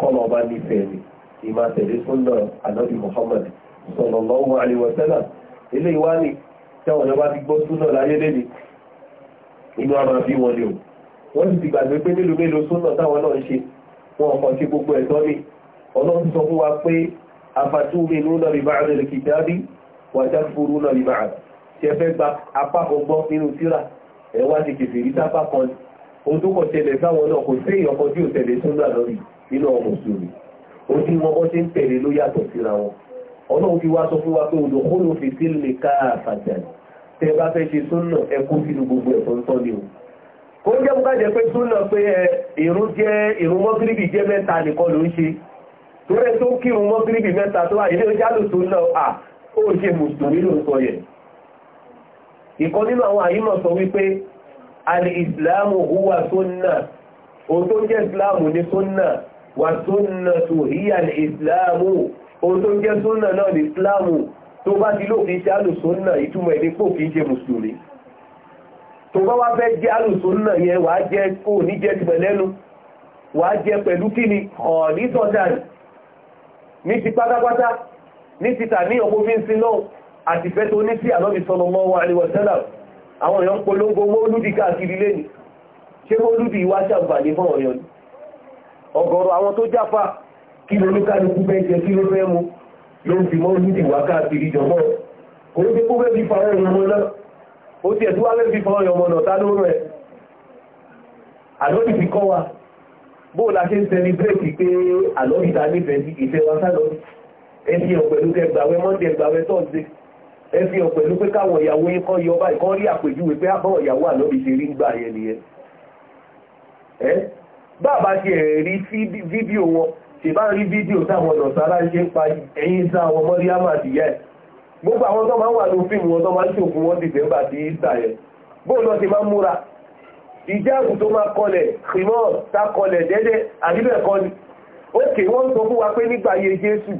kọ́nà ọba nífẹ̀ẹ́ ni ìmá tẹ̀lé súnà ànábì Muhammad sallallahu alaihi wasallam eléyìí wá ní táwọn ọba ti gbọ́ súnà láyé lẹ́nìí inú a máa bí wọn ni o wọ́n sì ti gbàgbé pé mélòó mélòó súnà táwọn náà ṣe wọn ọkọ̀ sí gbogbo ẹ̀tọ́ ní ọlọ́run sọ fún wa pé afatuminuna bi ba'dil kitabi wa takfuruna bi ba'd tí ẹ fẹ́ gba apá ọgbọ́n nínú síra ẹ wá ti kèfè rí sápá kan ohun tó kọ̀ ṣẹlẹ̀ sáwọn náà kò sí ìyọkọ tí ò tẹ̀lé súnà lórí nínú ọmọ mùsùlùmí ó ti wọn bọ́ ṣe ń tẹ̀lé ló yàtọ̀ síra wọn ọlọ́run fi wá sọ fún wa pé òdòkólò fi sílùmí káà fàjàdì tẹ́ bá fẹ́ ṣe súnà ẹkú sínú gbogbo ẹ̀fọ́ ń tọ́ni o kó jẹ́ mú kájẹ pé súnà pé ìrún jẹ́ ìrún mọ́gíríbì jẹ́ mẹ́ta nìkan ló ń ṣe tó rẹ̀ tó kírun mọ́gíríbì mẹ́ta tó wà ilé ó jálù súnà à ó ṣe mùsùlùmí ló sọ yẹn ìkan nínú àwọn àyímọ̀ sọ wípé al-islamu huwa súnà ohun tó jẹ́ islamu ní súnà wà súnà tó híyà al-islamu ohun tó jẹ́ súnà náà ní tó bá ti lóòfin ṣe alùsùnnà ìtumọ̀ èdè pò kìí ṣe mùsùlùmí tó bá wá fẹ́ jẹ́ alùsùnnà yẹn wà á jẹ́ kó ní jẹ́ ti pẹ̀lẹ́nu wà á jẹ́ pẹ̀lú kí ni ọ̀ọ̀ní sọ̀tàn ní ti pátápátá ní ti tà ní ọkọ̀ náà àti fẹ́ tó ní sí àlọ́bí sọ̀nà mọ́ wa àríwọ̀ sẹ́là àwọn èèyàn polongo mọ́lúdì káàkiri lẹ́nu ṣé mọ́lúdì wá ṣàǹfààní fún ọ̀yàn ọ̀gọ̀rọ̀ àwọn tó jáfa kí lolúkálukú fẹ́ jẹ kí ló fẹ́ mu ló ń fi mọ́ nídìí wá káàkiri jọmọ́ kò ní kó fẹ́ fi fa ọ̀rọ̀ ọmọ náà ó ti ẹ̀tú wá fẹ́ fi fa ọ̀rọ̀ ọmọ náà tá lóró ẹ̀ àlọ́dì ti kọ́ wa bó la ṣe ń sẹlibrétì pé àlọ́dì ta nífẹ̀ẹ́ sí ìfẹ́ wa sálọ ẹ fi hàn pẹ̀lú kẹ gbàwẹ̀ mọ́ndé gbàwẹ̀ tọ́sídẹ̀ ẹ fi hàn pẹ̀lú pé káwọn ìyàwó yín kọ́ yọ báyìí kọ́ rí àpèjúwe pé àbọ̀ ìyàwó àlọ́dì ṣe rí gbà yẹn nìyẹn bàbá ṣe rí fídíò wọn tí bá rí fídíò táwọn ọ̀nà sára ṣe ń pa ẹ̀yìn sá àwọn ọmọ ríámà àti yẹ́ gbogbo àwọn tó máa ń wà ní fíìmù wọn tó máa ń ṣòkú wọn dìsẹ́mbà àti ìsà yẹn bóun lọ ti máa ń múra ìjáàbù tó máa kọlẹ̀ kìmọ́ tá kọlẹ̀ dẹ́dẹ́ àbíbẹ̀ kọ́ ni ókè wọ́n sọ fún wa pé nígbà ayé Jésù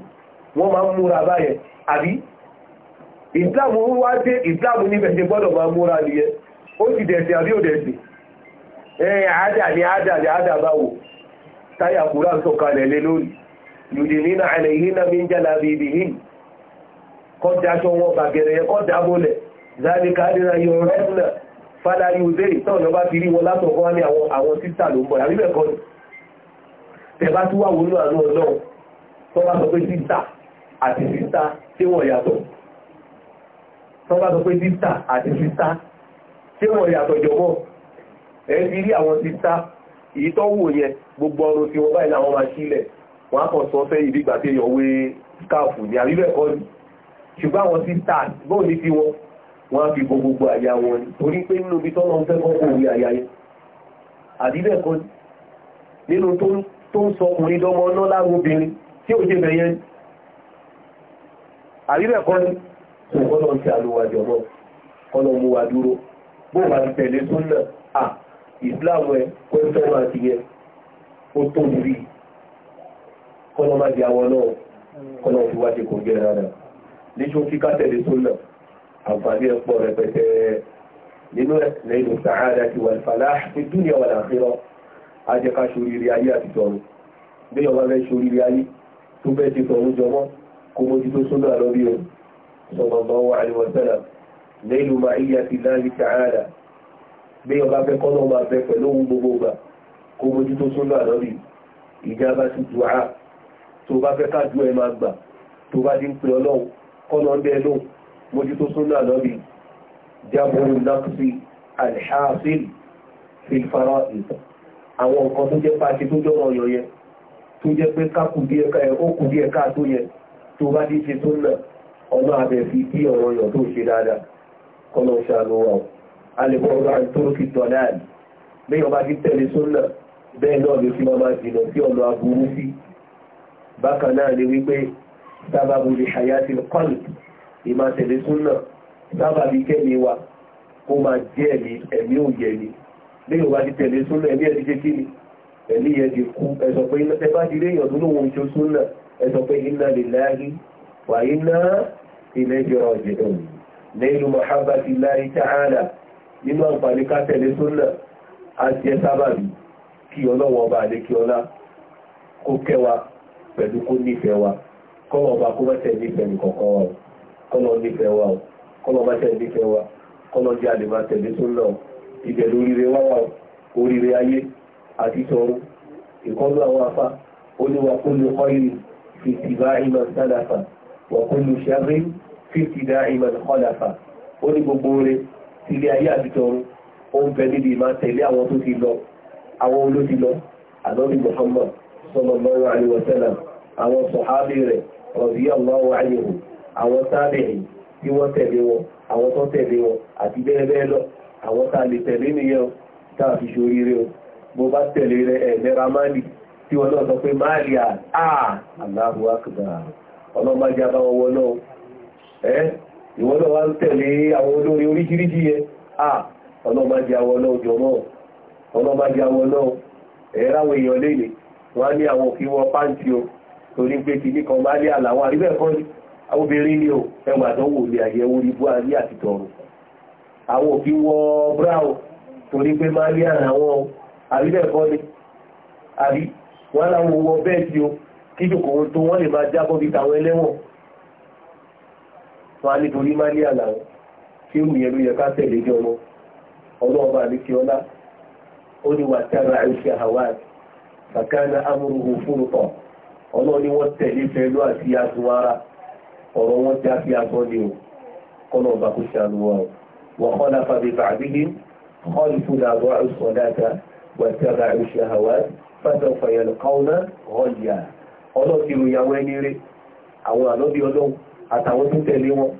wọ́n máa ń múra báyẹn àbí ìsìláàmù wá dé ìsìláàmù níbẹ̀ ṣe gbọ́dọ̀ máa múra nìyẹn ó sì dẹ̀sìn àbí ò dẹ̀sìn ẹ̀ àádà ni àádà ni àádà báwo táyà kúrà ń sọ̀kalẹ̀ lé lórí yudinina alayhinna min jalabibihin kọ́ daṣọ wọn bàgẹ̀rẹ̀ yẹ kọ́ dábólẹ̀ zálika adìrà yorùbá fàlà yóòdé ìtàn yọba fi rí wọn látọ̀kọ́ wá ní àwọn títà ló ń bọ̀ àríbẹ̀ kọ́ ni tẹ̀bá tí wà wọlé àánú ọlọ́run tó bá sọ pé títà àti títà tí wọ́n yàtọ̀ tó bá sọ pé títà àti títà tí rí àwọn títà èyí tó wò yẹn gbogbo ọrùn tí wọ́n báyìí làwọn máa sílẹ̀ wọ́n á kàn sọ fẹ́ ibi ìgbà tí èèyàn wé skáàfù ní àríwẹ̀ kọ́ ni ṣùgbọ́n àwọn sí tà bóun ní tiwọn wọ́n á fi bo gbogbo àyà wọn ni torí pé nínú ibi tọ́lọ́ ń fẹ́ kọ́ kó orí àyà yẹn àríwẹ̀ kọ́ ni nínú tó ń sọ ọkùnrin dọ́mọ náà láwọn obìnrin tí ò ṣe bẹ̀yẹn àríwẹ̀ kọ́ ni kò kọ́ lọ́n ti àlùwàjọ̀ náà kọ́ lọ́n mú wa dúró bóun bá ti tẹ̀lé tó náà islam ẹ pẹ́ntọ́ máa ti yẹ ó tó rí kọ́nà máa di àwọn náà kọ́nà fi wá ṣe kò jẹ́ rárá níṣó kí ká tẹ̀lé súnà àǹfààní ẹ̀ pọ̀ rẹpẹtẹ nínú ẹ̀ lẹ́yìn sàárà àti wal falah fi dunya wal akhirah ajẹ́ká ṣoríire ayé àti tọ̀run bí ọba fẹ́ ṣoríire ayé tó bẹ́ẹ̀ ti tọ̀run jọmọ́ kó mójútó súnà lórí ẹ̀ sallallahu alaihi wa sallam lẹ́yìn ma'iyati llahi ta'ala bí ọba fẹ́ kọ́ náà máa fẹ́ pẹ̀lú ohun gbogbo gbà kó mojú tó súnú ànábì ìjábá sí dùá tó bá fẹ́ kájú ẹ máa gbà tó bá dín pé ọlọ́run kọ́nà ń bẹ́ẹ̀ lóhùn mojú tó súnú ànábì jábọ̀rù nákùsí alhassil fífara ìtàn àwọn nǹkan tó jẹ́ pàṣẹ tó jọ̀rọ̀ ọ̀yọ̀ yẹn tó jẹ́ pé kákù díẹ̀ ká ẹ̀ ó kù díẹ̀ ká tó yẹn tó bá dín ṣe tó náà ọ̀nà fi bí ọ̀rọ̀ ọ̀yọ̀ alẹ́kọ̀ọ́rọ̀ àtúrókì tọ̀láàdì bí ọba ti tẹ̀lé sọ́nà bẹ́ẹ̀ náà ló fi máa jìnà sí ọ̀nà aburú sí bákan náà ni wípé sábàbù lè ṣàyà sí kọ́lù ìmá tẹ̀lé sọ́nà sábàbí kẹ́mi wa kó máa jẹ́ ẹ̀mí ẹ̀mí òyẹ̀ ni bí ọba ti tẹ̀lé sọ́nà ẹ̀mí ẹ̀ ti ṣe kí ni ẹ̀mí yẹn ti kú ẹ̀sọ̀ pé ẹ bá ti léèyàn tó lóun ṣe sọ́nà ẹ̀sọ̀ pé inna lillahi wa inna ilayhi raji'un lẹ́yìn mahabbati nínú àǹfààní ká tẹ̀lé súnà àti ẹsábàbí kí ọlọ́wọ́ ọba àdékí ọlá kó kẹwa pẹ̀lú kó nífẹ̀ẹ́ wa kọ́lọ̀ ọba kó mẹ́tẹ̀ nífẹ̀ẹ́ nìkọ̀ọ̀kan wa kọ́lọ̀ nífẹ̀ẹ́ wa kọ́lọ̀ mẹ́tẹ̀ nífẹ̀ẹ́ wa kọ́lọ̀ jẹ́ àlè máa tẹ̀lé súnà ibẹ̀ lóríire wá wa oríire ayé àti tọrún ìkọlù àwọn afá ó ilé ayé àbíkẹ́ ọ̀run ó ń bẹ níbi máa tẹ̀lé àwọn tó ti lọ àwọn olóti lọ àlọ́bí Muhammad sallallahu alaihi wa sallam àwọn sọ̀hábì rẹ̀ radiyallahu anhum àwọn tábìrì tí wọ́n tẹ̀lé wọn àwọn tó tẹ̀lé wọn àti bẹ́ẹ̀ bẹ́ẹ̀ lọ àwọn tá a lè tẹ̀lé nìyẹn tá a fi ṣoríire o náà sọ ìwọ́n náà wá ń tẹ̀lé àwọn olórí oríṣiríṣi yẹn à ọlọ́mọdé àwọn náà jọmọ́ ọlọ́mọdé àwọn náà ẹ̀ráwọ̀ èèyàn léèlè wọ́n á ní àwọn òfin wọn páǹtì o torí pé kìíní kan bá lé àlàwọ̀ àríbẹ̀ kan ní obìnrin ni o ẹwà àdánwò lè àyẹ̀wò ibú ayé àti tọrọ àwọn òfin wọ brown torí pé máa lé àwọn àríbẹ̀ kan ní àrí wọ́n láwọn wọ bẹ́ẹ̀ tí o kí jòkó tó wọ́n lè máa wọ́n á nítorí má ní àlà tí ó yẹ yẹ ká tẹ̀lé jọ mọ́ ọlọ́ọ̀bá àdékè ọlá ó ní wà tára àìṣe hawad bàkánà amúrúhu ni wọ́n tẹ̀lé fẹ́lú àti aṣọ ọ̀rọ̀ wọn ti á fi ni o kọ́nà ọba kò ṣàánú wa wọ́n kọ́ láfa bí bàbíyí kọ́ọ̀lù fún àbọ̀ àìsàn dáadáa wà àtàwọn tó tẹ̀lé wọn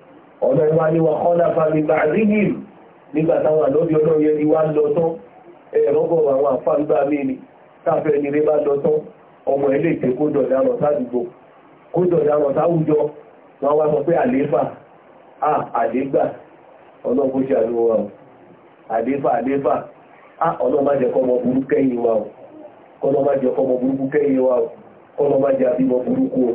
ọ̀nà ìwà ni wà kọ́lá fàmì bá rígìm nígbà táwọn àlọ́bí ọlọ́run yẹn ni wá lọ tán ẹ̀rọ́gọ̀ àwọn àfáàgbà mẹ́ni táfẹ́ ni rẹ bá lọ tán ọmọ ilé ìtẹ́ kó dọ̀dá lọ sádùgbò kó dọ̀dá lọ sáwùjọ wọn wá sọ pé àléfà à àlégbà ọlọ́run ṣe àlọ́ wa o àléfà àléfà ọmọ burúkú kẹ́yìn wa o àbímọ burúkú o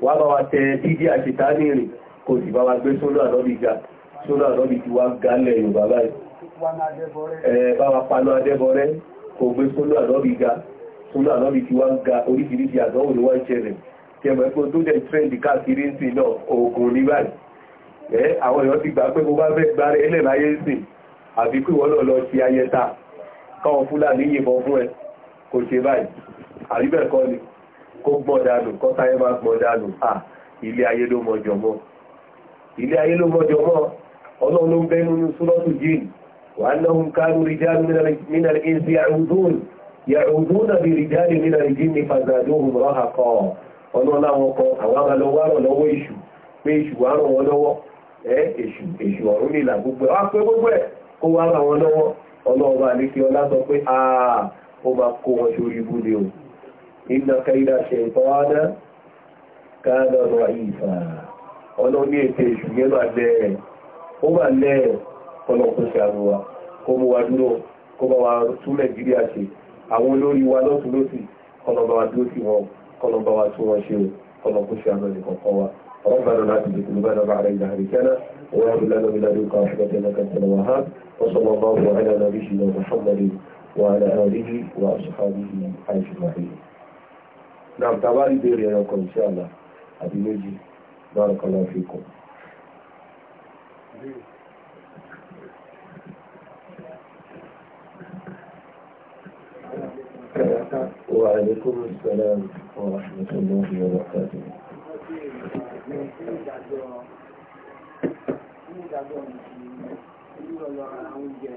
wà bá wa tẹ dídí àṣetánì rìn kò sì bá wa gbé sólò ànọ́bì ga sólò ànọ́bì ti wá gálẹ̀ yorùbá báyìí bá wa paná adẹ́bọrẹ́ kò gbé sólò ànọ́bì ga sólò ànọ́bì ti wá ga oríṣiríṣi àdánwò ni wọ́n ń ṣẹlẹ̀ kẹmọ̀ ẹ̀kọ́ tó dẹ̀ trend káàkiri ń sìn náà oògùn ní báyìí ẹ́ àwọn èèyàn ti gbà pé mo bá fẹ́ gbárẹ́ ẹlẹ́ láyé sìn àbí pé wọ́n lọ ṣe ayẹta káwọn fúlàní yìnbọn fún ẹ kò ṣe báyìí àríbẹ̀kọ́ ni kó gbọ́n dànù kọ́ táyé máa gbọ́n dànù à ilé ayé ló mọjọ mọ́ ilé ayé ló mọjọ mọ́ ọlọ́run ló ń bẹ́ nínú súrọ́tù jìn wà náhùn kánú rìjáàlì mínàlì ìsì àrùdún yàrùdún àbí rìjáàlì mínàlì jìn ní fàzàdóhùn rọ́hà kọ́ ọlọ́run láwọn kan àwọn abalọ́wọ́ rọ̀ lọ́wọ́ èṣù pé èṣù wà ràn wọ́n lọ́wọ́ ẹ́ èṣù èṣù ọ̀run nílà gbogbo ẹ̀ wá pé gbogbo ẹ̀ kó wá iná kẹ́lá ṣe ìtọ́wádá káàdọ̀ ọ̀rọ̀ ìfà ọlọ́ní ètò ìṣù yẹ́ bà lẹ́ẹ̀ ó bà lẹ́ẹ̀ kọlọ̀kọ́ ṣàrùwà kó mú wa dúró kó bá wa tún Nàìjíríà ṣe àwọn olórí wa lọ́tún lósì kọlọ̀bá wa dúró sí wọn kọlọ̀bá wa tún wọn ṣe o kọlọ̀kọ́ ṣàrùwà nìkan kọ́ wa ربنا لا تزغ قلوبنا بعد إذ هديتنا وهب لنا من لدنك رحمة إنك أنت الوهاب وصلى الله على نبينا محمد وعلى آله وأصحابه أجمعين náà tàbá rí bèèrè ẹ̀rọ kan sí àlà àbí méjì bára kan lọ fi kàn. وعليكم السلام ورحمة الله وبركاته ìdájọ́ ìsinmi olúwọ̀lọ́ ara oúnjẹ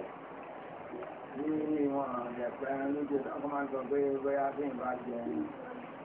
ní ìwọ̀n àjẹ̀pẹ́ bóyá bí ìbá jẹ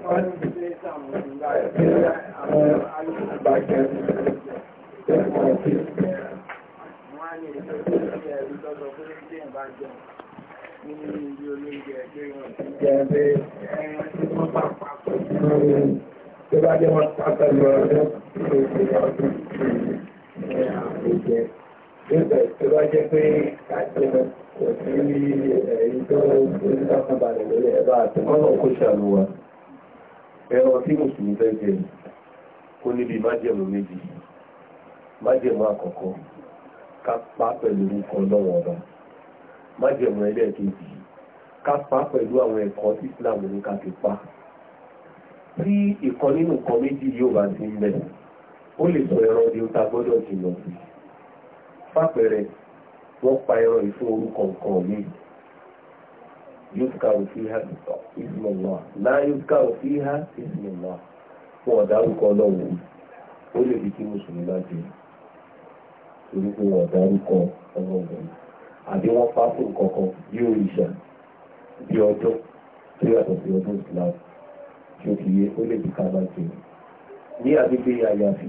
Ọlọ́run kó ṣàlùwà ẹran tí mùsùlùmí fẹ́ jẹ kó níbi májẹ̀mú méjì májẹ̀mú àkọ́kọ́ ká pa pẹ̀lú orúkọ lọ́wọ́ ọba májẹ̀mú ẹlẹ́ẹ̀kejì ká pa pẹ̀lú àwọn ẹ̀kọ́ tí Islam ní ká fi pa tí ìkan nínú nǹkan méjì yóò bá ti ń bẹ̀ ó lè sọ ẹran di ta gbọ́dọ̀ jìnnà sí fàpẹẹrẹ wọ́n pa ẹran ìfún orúkọ nǹkan mìíràn yóò fíhá ìsìnlọ́wọ́ láyé káwọ̀ fíhá ìsìnlọ́wọ́ fún ọ̀dárúkọ ọlọ́wọ́ ó lè fi kí mùsùlùmí bá jẹ torí pé ọ̀dárúkọ ọlọ́wọ́ àbí wọ́n pa fún kankan bí òrìṣà bí ọjọ́ tó yàtọ̀ sí ọdún Islam tí ó fi yé ó lè fi ká bá jẹ ní àgbègbè àyàfi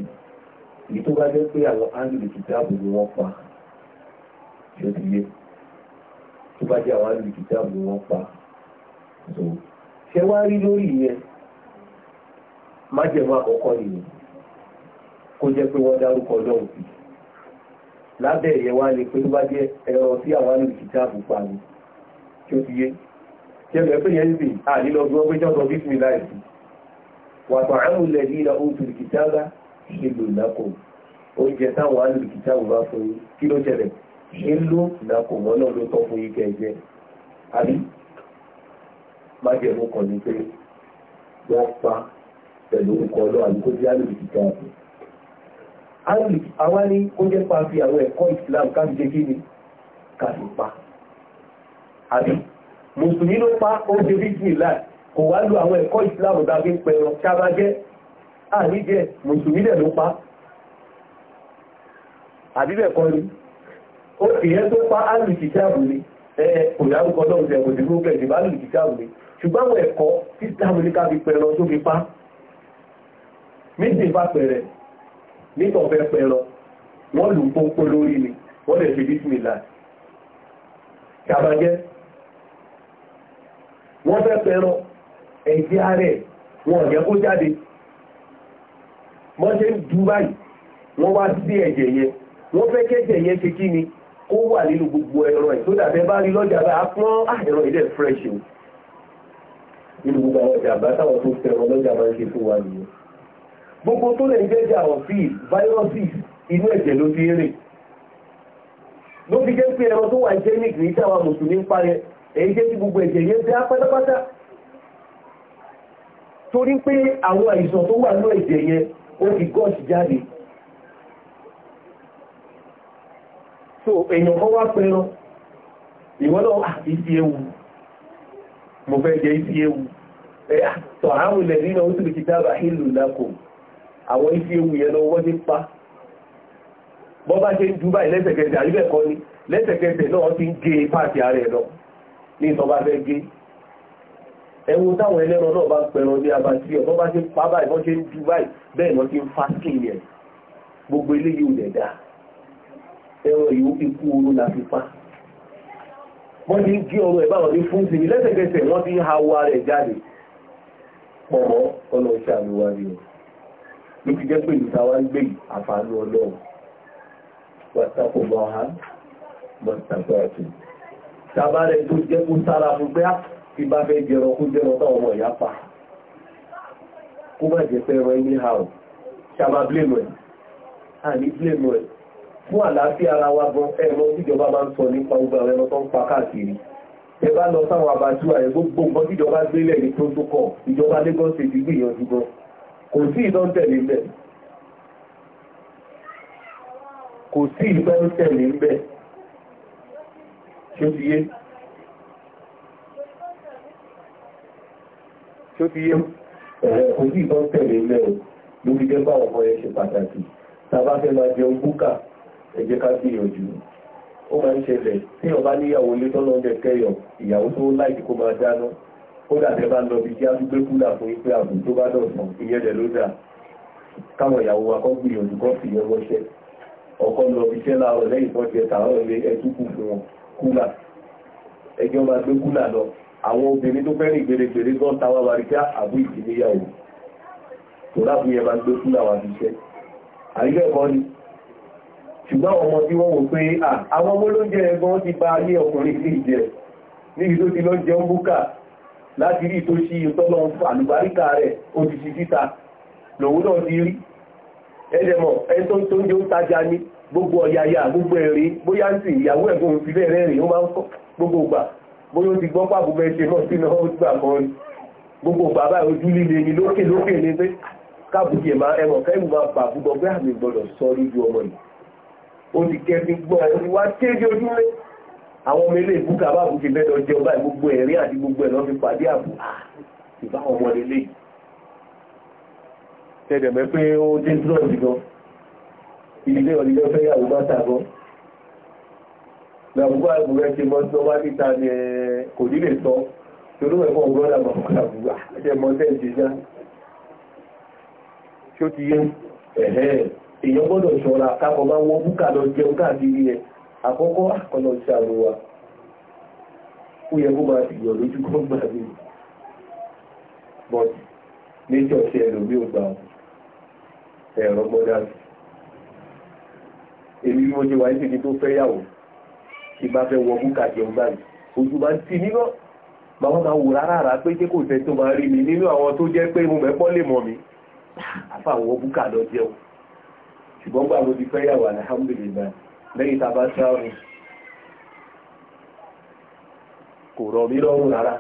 èyí tó bá jẹ́ pé àwọn ángìlì kìtàbù ni wọ́n pa tí ó fi yé tó bá jẹ́ àwọn alùpùpù ni wọ́n pa so ṣé wá rí lórí yẹn májẹ̀mú àkọ́kọ́ nìyẹn kó jẹ́ pé wọ́n dárúkọ ọlọ́run sí lábẹ́ ìyẹn wá ni pé tó bá jẹ́ ẹran tí àwọn alùpùpù pa ni tí ó ti yé jẹ́bẹ̀ pé yẹn sì àdílọ́gbọ́n pé jọ́sọ bí fún ìláìsí wàtọ̀ àmú lẹ́dí ìlà oúnjẹ ìkìtàbá ìlú ìlàkọ̀ oúnjẹ táwọn alùpùpù bá fún kí ló jẹ́rẹ̀ẹ́ ṣe ń ló ìdàpọ̀ mọ́ náà ló tọ́ fún ike ẹ̀jẹ̀ àbí májẹ̀mú kan ní pé wọ́n pa pẹ̀lú orúkọ ọlọ́ àbí kó jẹ́ àlùbí ti ga àbí. àlùbí àwa ní kó jẹ́ pa fi àwọn ẹ̀kọ́ Islam káfí jẹ́ kí ni káfí pa àbí mùsùlùmí ló pa ó ṣe bí jì láì kò wá lo àwọn ẹ̀kọ́ Islam tàbí pẹ̀rọ ṣába jẹ́ àníjẹ́ mùsùlùmí dẹ̀ ló pa àbí bẹ́ẹ̀ kọ́ ni ó èyẹ tó pa áàlù kìtàbù ni kò yárúkọ lọ́wọ́ ìjẹ̀ òdì rúbẹ̀ ìdìbò áàlù kìtàbù ni ṣùgbọ́n àwọn ẹ̀kọ́ tí dáàbò ní ká fi pẹ̀rọ tó fi pa méjì bá pẹ̀rẹ̀ nítọ̀ fẹ́ pẹ̀rọ wọ́n lù pópó lórí ni wọ́n lè fi bísímìlà kàbàjẹ́ wọ́n fẹ́ pẹ̀rọ ẹ̀jẹ̀ ààrẹ wọn yẹ kó jáde wọ́n ṣe ń dú báyìí wọ́n wá sí ẹ̀jẹ̀ yẹn wọ́n fẹ́ kẹ́jẹ̀ yẹn ṣe kí ni kó wà nínú gbogbo ẹ̀rọ ẹ̀ tó dàbẹ́ bá rí lọ́jà bá a pọ́n ah, ẹ̀rọ ilẹ̀ fresh o nínú gbogbo àwọn ọjà bá táwọn tó fẹ́ràn lọ́jà máa ń ṣe fún wa nìyẹn gbogbo tó lè jẹ́jà ọ̀fíìs viruses inú ẹ̀jẹ̀ ló ti rìn ló fi jẹ́ pé ẹran tó wà jẹ́nìk ní táwa mùsùlùmí ń parẹ́ èyí jẹ́ tí gbogbo ẹ̀jẹ̀ yẹn jẹ́ pátápátá torí pé àwọn àìsàn tó wà ní ẹ̀jẹ̀ yẹn ó ti gọ́ọ̀sì jáde so èyàn kan wá pẹ̀rọ ìwọ́lọ́ ìfi ewu mo fẹ́ jẹ ìfi ewu ah, tọ̀ àwọn ilẹ̀ nínú ó sì lè ti dábà ìlú lákò àwọn ìfi ewu yẹn lọ wọ́n ti pa bọ́ bá ṣe ń jú báyìí lẹ́sẹ̀kẹsẹ̀ àríbẹ̀ kan ni lẹ́sẹ̀kẹsẹ̀ náà ti ń gé páàtì ààrẹ lọ ní ìtọ́ bá fẹ́ gé ẹwu táwọn ẹlẹ́ran náà bá pẹ̀rọ ní abatí ọ̀ bọ́ bá ṣe pa báyìí bọ́ ṣe ń jú báyìí bẹ́ẹ̀ náà ti ń fáskin yẹn gbogbo eléyìí ò dẹ̀ ẹran yìí ó fi kú oró la fi pa wọ́n ti ń gé ọrọ̀ ẹ̀ báwọn ní fún sí ni lẹ́sẹ̀kẹsẹ̀ wọ́n ti ń ha wa rẹ̀ jáde pọ̀mọ́ ọ̀nà iṣẹ́ àmì wa ni o ló fi jẹ́ pé ìlú táwa ń gbé àfààní ọlọ́run wàtàkùn bọ̀ ha mọ̀tàkùn àti tabarẹ̀ tó jẹ́ kó sára fún pé ah, tí bá fẹ́ jẹrọ kó jẹrọ táwọn ọmọ ìyá pa kó má pé ẹran ẹni ha ọ̀ ṣàmà blame ẹ̀ àní blame ẹ̀ fún àlàáfíà ara wa gan ẹ̀rọ tíjọba máa ń sọ nípa gbogbo àwọn ẹran tó ń pa káàkiri ẹ bá lọ sáwọn àbájúwà ẹ gbogbo nǹkan tíjọba gbélẹ̀ ní protocol ìjọba Lagos State gbìyànjú gan kò sí ìdán tẹ̀lé ń bẹ̀ kò sí ìdán tẹ̀lé ń bẹ̀ ṣó ti yé ṣó ti yé kò sí ìdán tẹ̀lé ń bẹ̀ lórí jẹ́ bá ọmọ ẹ ṣe pàtàkì tàbá fẹ́ máa jẹun búkà ẹ jẹ́ ká gbìyànjú ó máa ń ṣẹlẹ̀ tí wọ́n bá níyàwó ilé tọ́lọ́ ń dẹ̀kẹ́yọ̀ ìyàwó tó láìsí kó máa dáná ó dàbẹ́ bá lọ bí kí á gbé kúlà fún ipe ààbò tó bá dọ̀sán ìyẹn dẹ̀ ló dà káwọn ìyàwó wa kọ́ gbìyànjú kọ́ fi yẹn wọ́ṣẹ́ ọkọ lọ bí iṣẹ́ láàrọ̀ lẹ́yìn tó jẹ tààrọ̀ ilé ẹtúkù fún wọn kúlà ẹjọ́ máa gbé kúlà lọ àwọn obìnrin tó fẹ́ràn ìgbèrègbèrè gan ta wá wárí pé ah, àbú ìdíléyàwó tòlábù yẹn máa gbé kúlà wá fi iṣẹ́ àríkẹ́kọ̀ọ́ ni ṣùgbọ́n ọmọ tí wọ́n wò pé àwọn ọmọ ló jẹ́ ẹgbọ́n ti bá ayé ọkùnrin sí ìjẹ níbi tó ti lọ jẹ ń búkà láti rí tó ṣí ìtọ́lọ àlùbáríkà rẹ̀ ó ti ṣi síta lòun náà ti rí ẹ̀dẹ̀mọ̀ ẹni tó ń tó ń jẹ́ ó tajà ní gbogbo ọ̀yàyà ni lókè lókè ni pé káàbùkì ẹ̀ máa ẹ̀mọ̀ kẹ́rù máa bà olùkẹ́ mi gbọ́ ẹni wá kéde ojúlé àwọn ọmọ ilé ìbúkà bá bùkì mẹ́lọ jẹ ọba ìgbogbo ẹ̀rí àti gbogbo ẹ̀lọ́ fi pàdé àbò ìbá ọmọ ilé tẹ́lẹ̀mẹ́ pé ó dé drọ́ọ̀dì gan ilé ọ̀lẹ́lẹ́ fẹ́ yàwó máta gan làbúgbà ìbúrẹ́ ṣe mọ́ sí ọba níta ni kò ní lè sọ torí ẹ̀fọ́ ọgbọ́n làbọ̀ làbúgbà ẹ̀jẹ̀ mọ́ tẹ́ẹ̀ èèyàn gbọ́dọ̀ ṣọ́ra kápọ̀ máa wọ búkà lọ jẹun káàkiri ẹ̀ àkọ́kọ́ àkọ́lọ̀ sí àrò wa ó yẹ kó máa fìyàn lójú kó gbà mí but nature ṣe ẹlòmí ò gbà ẹ̀rọ gbọ́dá sí èmi bí mo ṣe wà ní ìdí tó fẹ́ yàwó kí bá fẹ́ wọ búkà jẹun báyìí ojú máa ń tì mí wò rárá rà pé kí kò tẹ́ tó máa rí mi nínú àwọn tó jẹ́ pé mo mẹ́pọ́ lè mọ̀ mi àfàwọ̀ búkà lọ jẹun ṣùgbọ́n gbà ló ti fẹ́ yàwó alhamdulillah lẹ́yìn tá a bá sáwọn kò rọ̀ mí lọ́rùn rárá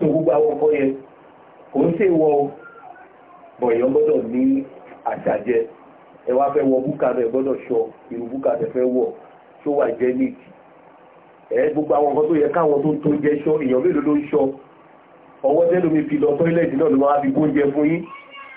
tó gbogbo àwọn ọkọ yẹn kò ń ṣe wọ bọ̀yàn gbọ́dọ̀ ní àṣàjẹ ẹ wá fẹ́ wọ búkà gbọ́dọ̀ ṣọ irú búkà rẹ̀ fẹ́ wọ̀ tó wà jẹ́ níìtì ẹ gbogbo àwọn tó yẹ káwọn tó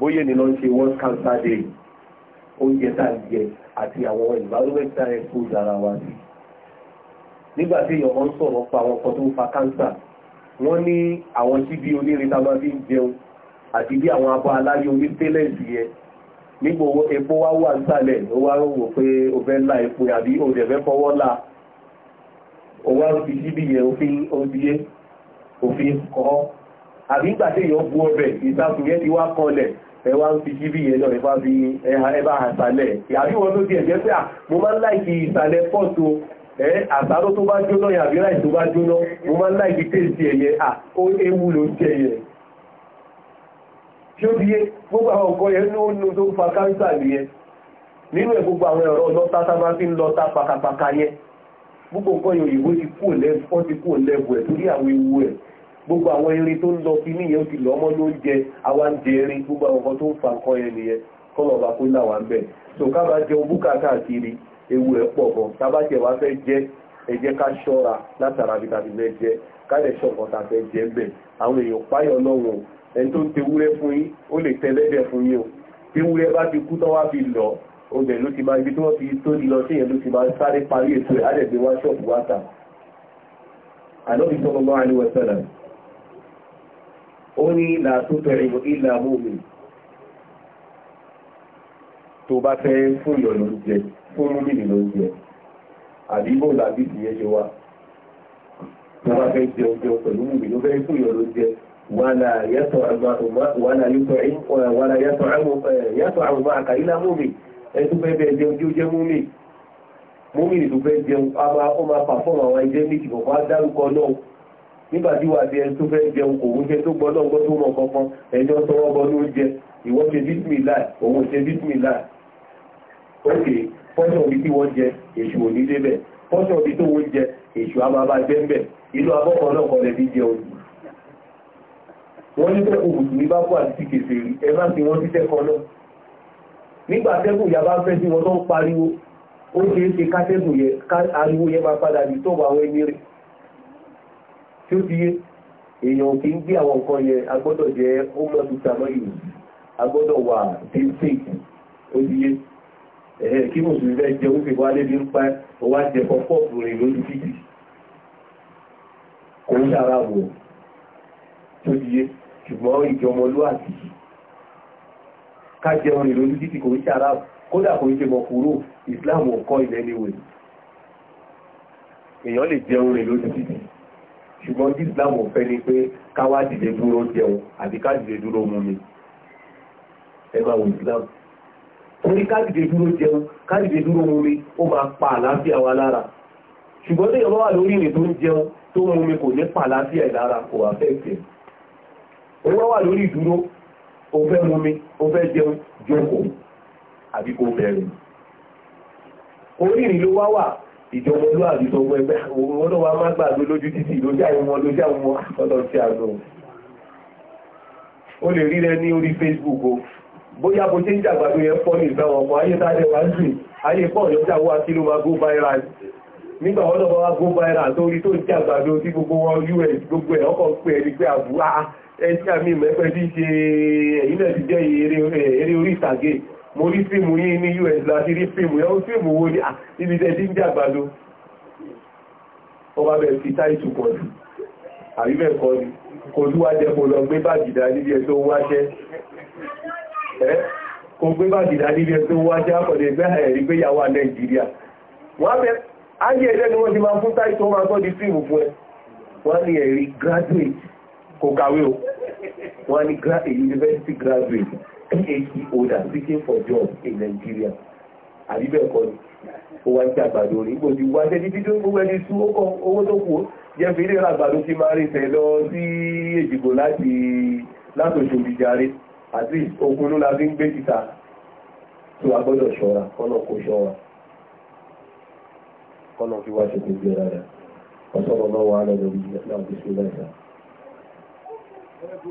bóyá ní lọ ń ṣe world cancer day oúnjẹ tá à ń jẹ àti àwọn environment tá à wa sí nígbà tí èèyàn sọ̀rọ̀ pa àwọn ọkọ̀ tó ń fa cancer wọ́n ní àwọn síbí onírin tá a máa fi ń jẹun àti bí àwọn abọ́ aláyé orí tẹ́lẹ̀sì yẹ nígbà epo wá wà nísàlẹ̀ ó wá wò pé o fẹ́ la epo àbí o dẹ̀ fẹ́ fọwọ́ la o wá fi síbí yẹn òfin òdìyẹ òfin kọ́ àbí nígbà tí bu ọbẹ̀ ìsàkùn yẹn ti wá kanlẹ̀ ẹwà ń fi jíbí yẹn náà ẹfà fi ẹbá àṣàlẹ̀ ìyàbí wọn tó ti ẹ̀jẹ́ pé à mo máa ń láìkì ìsàlẹ̀ pọ́ọ̀tù ẹ àṣàrò tó bá jóná yàbí láì tó bá jóná mo máa ń ewu ló ń jẹ yẹn tí ó gbogbo àwọn ọkọ̀ yẹn ló ń tó fa káńsà nínú ẹ̀ gbogbo àwọn ẹ̀rọ gbogbo nǹkan yẹn òyìnbó ti kú gbogbo àwọn erin tó ń lọ kí níyẹn ti lọ ọmọ ló ń jẹ àwa ń jẹ erin gbogbo àwọn ọkọ tó ń fa nǹkan yẹn nìyẹn kọ́nà ọba kó là wà ń bẹ̀. so ká máa jẹ búkà káàkiri ewu ẹ̀ pọ̀ gan tábàtì wa fẹ́ jẹ ẹ jẹ́ ká ṣọ́ra látara bí ká ti fẹ́ jẹ ká lè ṣọ̀kan tá a jẹ ń àwọn èèyàn páyọ̀ lọ́wọ́ ẹni tó ń tewúrẹ́ fún yín ó lè tẹ́lẹ́dẹ̀ fún yín o tewúrẹ́ bá ti kú tán wá fi lọ ọbẹ̀ ló ti máa ibi tí wọ́n fi tó lọ sí ló ti máa sáré parí ètò ẹ̀ á dẹ̀ gbé wá ṣọ́ọ̀bù wá ta. àná ìsọ̀rọ̀ máa ní wọ́n sẹ́lẹ̀ ó ní làtútọ̀ ìmọ̀ ìlà mọ́mí tó bá fẹ́ fún ìyọ̀ lóúnjẹ fún mọ́mí lóúnjẹ àdíbò làbí ti yẹ́ ṣe wá tó bá fẹ́ jẹ oúnjẹ pẹ̀lú mọ́mí ló fẹ́ fún ìyọ̀ lóúnjẹ wàlá yàtọ̀ àmọ́ àkà ìlà mọ́mí ẹ tó fẹ́ bẹ́ẹ̀ jẹun tí ó jẹ́ mọ́mí mọ́mí tó fẹ́ jẹun a máa nígbàtí wà bí ẹni tó fẹ́ jẹun kò wújẹ tó gbọ́lọ́gbọ́ tó mọ̀ kankan ẹjọ́ tọwọ́bọ ló jẹ ìwọ́n ṣe bísmìlá òun ṣe bísmìlá ókè fọ́ṣọ̀ bí tí wọ́n jẹ èṣù òní débẹ̀ fọ́ṣọ̀ bí tó wọ́n jẹ èṣù àbábá jẹ́ńbẹ̀ inú abọ́kan náà kọlẹ̀ bí jẹun wọ́n ní tẹ́kù mùsùlùmí bá kú àti kèsè rí ẹ má sí wọ́n sí tẹ́kọ̀ọ́ náà nígbà tẹ́kù ìyá bá fẹ́ sí wọn ń pariwo ó ṣeé ṣe kátẹ́kù tí ó ti yé èèyàn kì í gbé àwọn nǹkan yẹn a gbọ́dọ̀ jẹ́ ó mọ́ ti sàmọ́ ìlú a gbọ́dọ̀ wà tí ó sì ó ti yé ẹ̀hẹ́ kí mùsùlùmí fẹ́ jẹ ó fi wá lébi ń pa ó wá jẹ pọ́pọ́ọ̀pù rẹ̀ lójú títì kò ń sára wò tó ti yé ṣùgbọ́n ìjọmọlúwàbí ká jẹun rẹ̀ lójú títì kò ń sára kódà kò ń ṣe mọ̀ kúrò ìsìláàmù ọ̀kọ́ ilẹ̀ níwèé èèyàn lè jẹun rẹ̀ lójú títì ṣùgbọ́n tí Islam ò fẹ́ ni pé káwá dìde dúró jẹun àti ká dìde dúró mu mi ẹ máa wò Islam torí ká dìde dúró jẹun ká dìde dúró mu mi ó máa pa àlàáfíà wa lára ṣùgbọ́n tí ìyọ̀bá wà lórí ìrìn tó ń jẹun tó mu mi kò ní pa àlàáfíà lára kò wà fẹ́ fẹ́ ó wá wà lórí ìdúró ó fẹ́ mu mi ó fẹ́ jẹun jókòó àbí kò bẹ̀rù orí ìrìn ló wá wà ìjọmọlú àdìsọmọ ẹgbẹ́ òun náà má gbàgbé lójú títì lójú àwọn ọmọ lójú àwọn ọmọ ọlọ́ o lè rí rẹ ní orí Facebook o bóyá bó ṣe ń jàgbàdo yẹn ayé tàbí wá sí ayé pọ̀ lọ́jà nígbà wọn lọ́wọ́ wá gbogbo wọn us gbogbo ẹ̀ ọkọ̀ pé ẹni pé àbúrá tí ah, ṣe mo rí fíìmù yìí ní us láti rí fíìmù yẹn ó fíìmù wo ní ah, ibi tẹ́ ti ń jàgbá ló ọba bẹ̀rẹ̀ fi táìtù kọ̀ jù àríbẹ̀ kọ́ ni kò lúwà jẹ́ kò lọ gbé bàgìdá níbi ẹ̀ tó wáṣẹ́ kò gbé bàgìdá níbi ẹ̀ tó wáṣẹ́ àkọ̀dẹ̀ ẹgbẹ́ ẹ̀rí pé yàwó nàìjíríà wọ́n bẹ ayé ẹ̀lẹ́ ni wọ́n ti máa fún táìtù ọmọ akọ́ di fíìmù fún ẹ wọ́n ní ẹ̀rí graduate kò kàwé o wọ́n ní university graduate PhD holder seeking for job in Nigeria àbí bẹ́ẹ̀ kọ́ ni ó wá ń jẹ́ àgbàdo rẹ̀ nígbò tí wá jẹ́ títí tó gbogbo ẹni tú ó kọ́ owó tó kù jẹ́ fi léra àgbàdo ti máa rí tẹ̀ lọ sí Èjìgbò láti látòṣòbí jàre àti okun ló la fi ń gbé títa tó a gbọ́dọ̀ ṣọ́ra kọ́nà kó ṣọ́ra kọ́nà kí wá ṣe kò gbé rárá ọ̀sọ́rọ̀ náà wà lọ́dọ̀ bí náà bí ṣe láìsàn Afẹ́ gba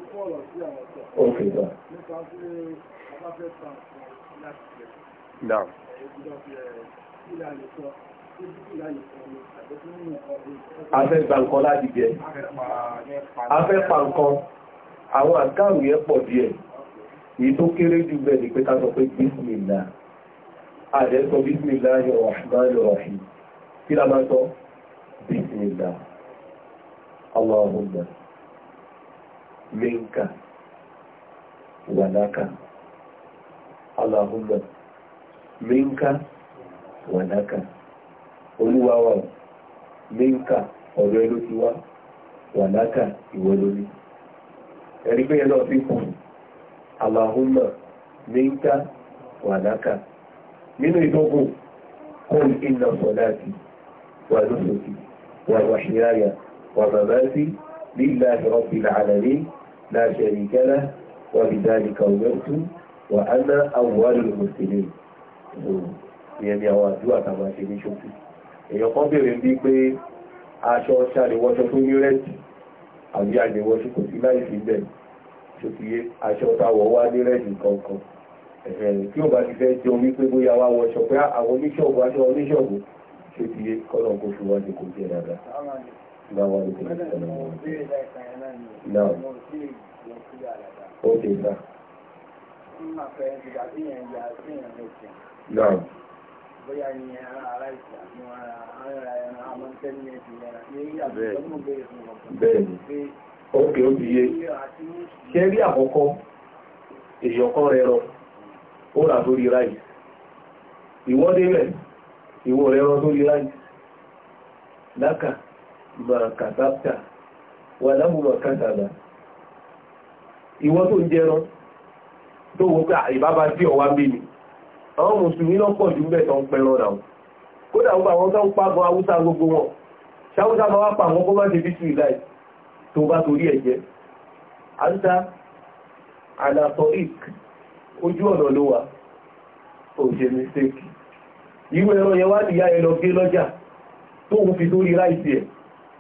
nǹkan láti jẹ. Afẹ́ pa nǹkan, àwọn àkáàrù yẹ pọ̀ díẹ̀. Èyí tó kéré jù bẹ́ẹ̀ ni pé ká sọ pé Bísmìlá. Àdẹ́ sọ Bísmìlá yọ Rahman Rahim. Kí la máa sọ? Bísmìlá. Allahumma. منك ولك اللهم منك ولك olúwa wa minka ọ̀rọ̀ ẹlú ti wá wàlákà ìwọ lórí ẹ̀rí pé ẹlọ́ fi kù allahumma minka wàlákà nínú ìdógún kún inna salati wa nusuki wa wàṣíráyà wa mamati lillahi rabbil alamin لا شريك له وبذلك أمرت وأنا أول المسلمين ìyẹn ni àwọn àdúrà tàbí àṣẹ ní ṣókí èèyàn kan bèèrè bí pé aṣọ ṣàlèwọ́ṣọ tó ní rẹ́ǹtì àbí àlèwọ́ṣọ kò sí láì fi bẹ̀ ṣókíyé aṣọ táwọ̀ wá ní rẹ́ǹtì kankan ẹ̀rẹ̀ tí ó bá ti fẹ́ jẹ orí pé bóyá wá wọṣọ pé ah, àwọn oníṣọ́ọ̀bù aṣọ oníṣọ́ọ̀bù ṣókíyé kọ́lọ̀ kó fi wá ní kò jẹ́ dáadáa lọ́wọ́ ìpínlẹ̀ náà ó lè gbà. Náà. Bóyá ni ara ìsìn àti ara ẹran àwọn tẹ́lẹ̀ ìpínlẹ̀ ní ìyàtọ̀ ọdún bẹ̀rẹ̀ fún ọkọ̀. Bẹ́ẹ̀ni, ó kè ó bí yé. Ṣé rí àkọ́kọ́, èèyàn kan rẹ̀ rọ, ó rà sórí ráì. Ìwọ́dé rẹ̀, ìwọ̀ rẹ̀ rọ sórí ráì. Lákàá ma kàtàkà wà láhùn ma kàtàkà ìwọ tó ń jẹran tó wọ́n pé ìbába tí ọ̀wá ń bí ni àwọn mùsùlùmí náà pọ̀ jù mẹ́ta ń pẹ̀rọ náà kódà gbogbo àwọn tó ń pàgọ́ haúsá gbogbo wọn ṣáwúsá máa wá pa àwọn kó má ṣe bí sùn láì tó bá torí ẹ̀ jẹ́ àńtá anatolik ojú ọ̀nà ló wà ó ṣe mistake irú ẹran yẹn wá nìyá ẹ lọ gé lọ́jà tó fi sórí ráìsì ẹ̀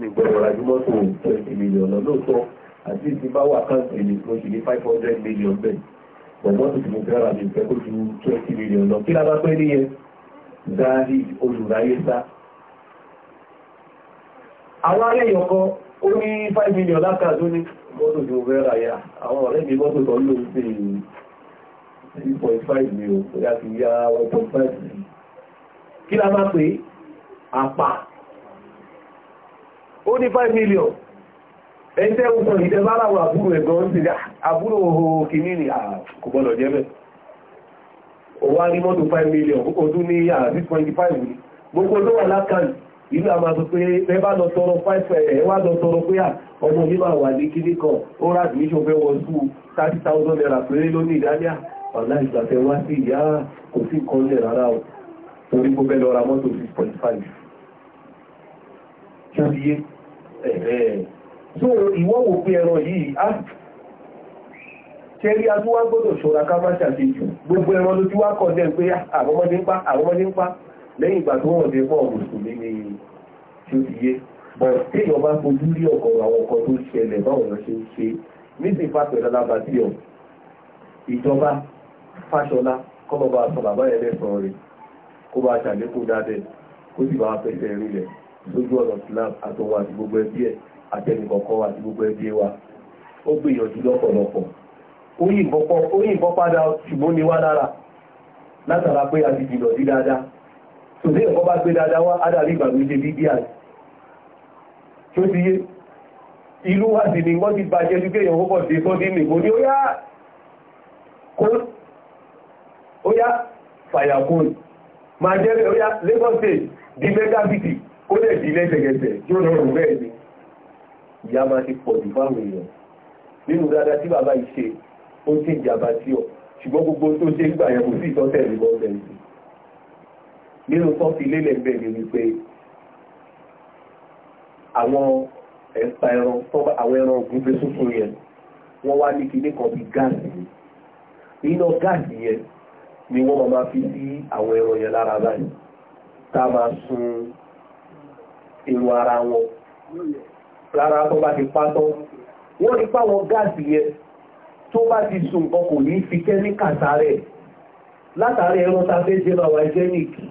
lè gbọ́dọ̀ ra jùmọ́ tó twenty million lọ lóòótọ́ àti ìsìn bá wà káńtì mi mo sì ní five hundred million bẹ́ẹ̀ bọ̀mọ́ tó ti mo fẹ́ ra mi fẹ́ kó ju twenty million lọ kí lábá pẹ́ níyẹn zaari olùráyé sá. àwọn arẹ́yìn ọkọ ó ní five million lákàtó ní mọ́tò tí mo fẹ́ ra yá àwọn ọ̀rẹ́ mi mọ́tò tó lò ń pè é ó ní 5 million ẹ̀ntẹ́ òkùn ìjẹba aláwọ̀ àbúrò ẹ̀gbọ́n ti rí àbúrò kìíní ni kò gbọ́dọ̀ jẹ́ bẹ́ẹ̀ ó wá ní mọ́tò 5 million ó tún ní 6.5 ni gbogbo tó wà lákàlù ìlú àmà tó pé ẹ bá lọ tọrọ 5 ẹ wá lọ tọrọ pé à ọmọ mi máa wà ní kíní kan ó rà ní ṣòfẹ́ wọ sùn 30,000 naira péré lónìí ìdáníà ọ̀la ìgbàfẹ́ wá sí ìyá kò sí nǹkan lẹ̀ rárá o torí gbogbo ẹ lọ ra mọ́tò 6.5 kí á fi yé so ìwọ́n wò pé ẹran yìí á ah, tẹ́rí adúwá gbọ́dọ̀ ṣọ́ra ká má jù gbogbo ẹran ló wá kọ́ dẹ́ pé ah, àwọn ń pa àwọn ń pa lẹ́yìn ìgbà tó wọ̀n dé fún tí ó ti yé bọ̀ téèyàn bá fojú rí ọkọ̀ àwọn ọkọ̀ tó ṣẹlẹ̀ báwọn ṣe ń ṣe fàpẹ̀ lójú ọ̀nà Islam àtọwọ́ àti gbogbo ẹbí ẹ̀ àtẹnìkọ̀kọ́ àti gbogbo ẹbí wa ó gbìyànjú lọ́pọ̀lọpọ̀ òyìnbọn padà ṣùgbọ́n ni wá lára látara pé a ti jìnà sí dáadáa tò sí ẹ̀kọ́ bá gbé dáadáa wá ádàrí ìgbàgbé ṣe bí díà ti yé wá Lagos State di ó lè di lẹ́sẹ̀kẹsẹ̀ tí ó rọrùn bẹ́ẹ̀ ni ìyá máa ti pọ̀ jù fáwọn èèyàn nínú dáadáa tí bàbá yìí ṣe ó ti ń jàmbá sí ọ ṣùgbọ́n gbogbo tó ṣe gbà yẹn kò sí ìtọ́sẹ̀ ní bọ́ọ̀sẹ̀ yìí nínú tó fi lélẹ̀ bẹ́ẹ̀ ni wípé àwọn ẹ̀pa ẹran àwọn ẹran ògúnfe tuntun yẹn wọ́n wá ní kinní kan bíi gáàsì nínú gáàsì yẹn ni wọ́n máa fi sí àwọn ẹran yẹn lára báyìí tá a máa sun èrò ara wọn lára tó bá ti pátọ́ wọ́n rí páwọn gáàsì yẹ tó bá ti sùn nǹkan kò ní fi kẹ́míkà sáré látàrí ẹ̀rọ ta fẹ́ jẹ́ bàwà jẹ́nìkì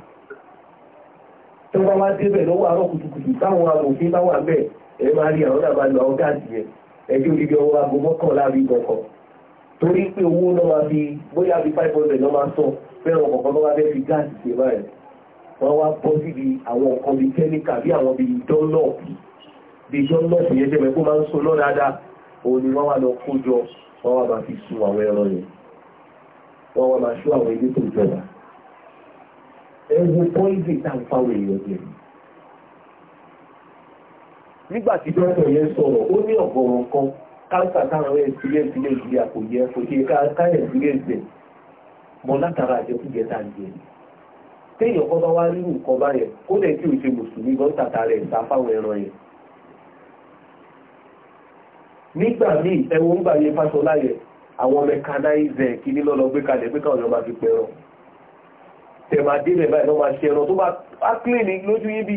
tó bá wá débẹ̀ lọ́wọ́ àárọ̀ kùtùkùtù táwọn amòfin bá wà bẹ́ẹ̀ ẹ máa rí àwọn àbá lọ àwọn gáàsì yẹn ẹjọ́ olùdí ọwọ́ aago mọ́kànlá rí gbọ̀ngàn torí pé owó náà máa fi bóyá fi five hundred náà máa sọ bẹ́ẹ̀ wọn kọ̀ọ̀kan náà wá fẹ́ fi gáàsì ṣe báyìí wọ́n wá bọ́ síbi àwọn nǹkan bíi kẹ́míkà bí àwọn bíi dọ́lọ́ọ̀pù bíi dọ́lọ́ọ̀pù yẹn jẹ́ mẹ́kó máa ń so náà dáadáa òun ni wọ́n wá lọ kó jọ wọ́n wá máa fi sun àwọn ẹran yẹn wọ́n wá máa ṣú àwọn ilé tó jọba ẹ̀rù pọ́ìsì tá èèyàn jẹ nígbà tí dọ́kítọ̀ yẹn sọ̀rọ̀ ó ní ọ̀gọ̀rọ̀ kan káńsà táwọn ẹ̀ sílẹ̀ sílẹ̀ sílẹ̀ àpò kò ṣe káyẹ̀ sílẹ̀ sílẹ̀ mọ́ látara àjẹkújẹ tá à téèyàn kọ́ bá wá rí nǹkan báyẹn kó dẹ̀ kí o ṣe mùsùlùmí gan tàtà rẹ̀ ìta fáwọn ẹran yẹn nígbà míì ẹwọ́n ń gbà yẹ fásọlá yẹn àwọn mẹkanáìzẹ̀ kìíní lọ́lọ́ gbé kalẹ̀ pé káwọn ọmọ fi pẹ̀rọ tẹ̀màdé rẹ̀ báyìí lọ́wọ́ ṣe ẹran tó bá áklè ní lójú yín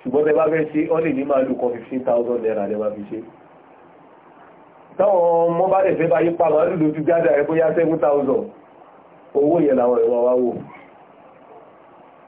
ṣùgbọ́n tẹ bá fẹ́ ṣe ọ́ lè ní máa lù kan fifteen thousand naira lẹ́ máa fi ṣe táwọn ọmọ bá dẹ̀ fẹ́ bá yí pa màálù lójú gádà ẹ̀ bóyá seven thousand owó yẹn làwọn ìwà wa wò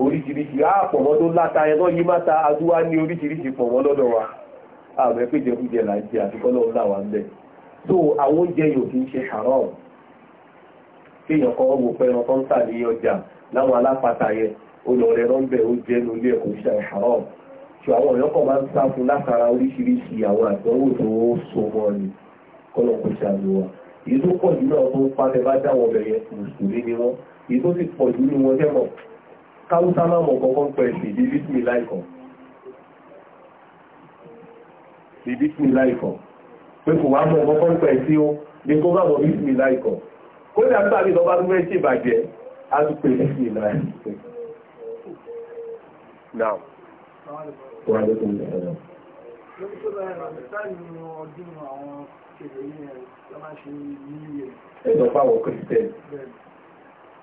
oríṣiríṣi àpọ̀mọ́ tó láta ẹ̀rọ yí máta adúwá ní oríṣiríṣi pọ̀mọ́ lọ́dọ̀ wa ààbẹ̀ pé jẹkújẹ là ń jẹ àtikọ́lọ́ ńlá wa ń bẹ̀ so àwọn oúnjẹ yóò kí ń ṣe haram kéèyàn kọ́ wò pé ẹran tó ń tà ní ọjà láwọn alápàtà yẹn olùrẹ̀ rán bẹ̀ ó jẹ́ lórí ẹ̀kọ́ ṣe haram ṣù àwọn èèyàn kan máa ń sá fún látara oríṣiríṣi àwọn àdánwò tó ń so mọ́ ni kọ́lọ̀ kò ṣàlùwà èyí tó pọ̀ jù náà tó ń pa tẹ bá dáwọ̀ bẹ̀yẹ mùsùlùmí ni wọ́n èyí tó sì káwúsá máa mọ̀ kọ̀ọ̀kan pẹ̀sì bíbí sí láìkọ̀ bíbí sí láìkọ̀ pé kò wá mọ̀ kọ̀ọ̀kan pẹ̀sì ó ní kó bá mọ̀ bí sí láìkọ̀ kódà nígbà tí lọ bá tún fẹ́ ṣe ìbàjẹ́ á tún pè é sí láìkọ̀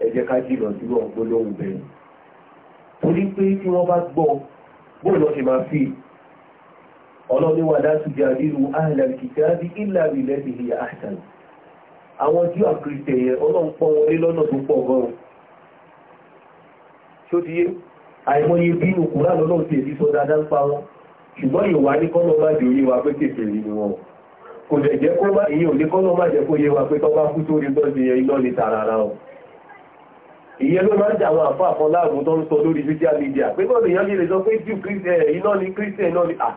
ẹ jẹ́ ká jìnà dúró ọgbọ́lọ́hùn bẹ́ẹ̀ torí pé tí wọ́n bá gbọ́ bóòlù ọ̀sẹ̀ máa fi ọlọ́ni wà láti jẹ́ àdínú ahìlàkìtàbí ìlàrí lẹ́bí ilẹ̀ àṣàn àwọn jíò àkìrìtẹ̀ yẹn ọlọ́run pọ́ wọlé lọ́nà tó pọ̀ gan-an ṣó ti yé àìmọye bínú kùrá lọ́nà ìyẹn ló máa ń jà àwọn àfọ́ àfọ́ láàrùn tó ń sọ lórí social media pé bọ́ọ̀lù èèyàn lè sọ pé jù iná ni christian náà ni à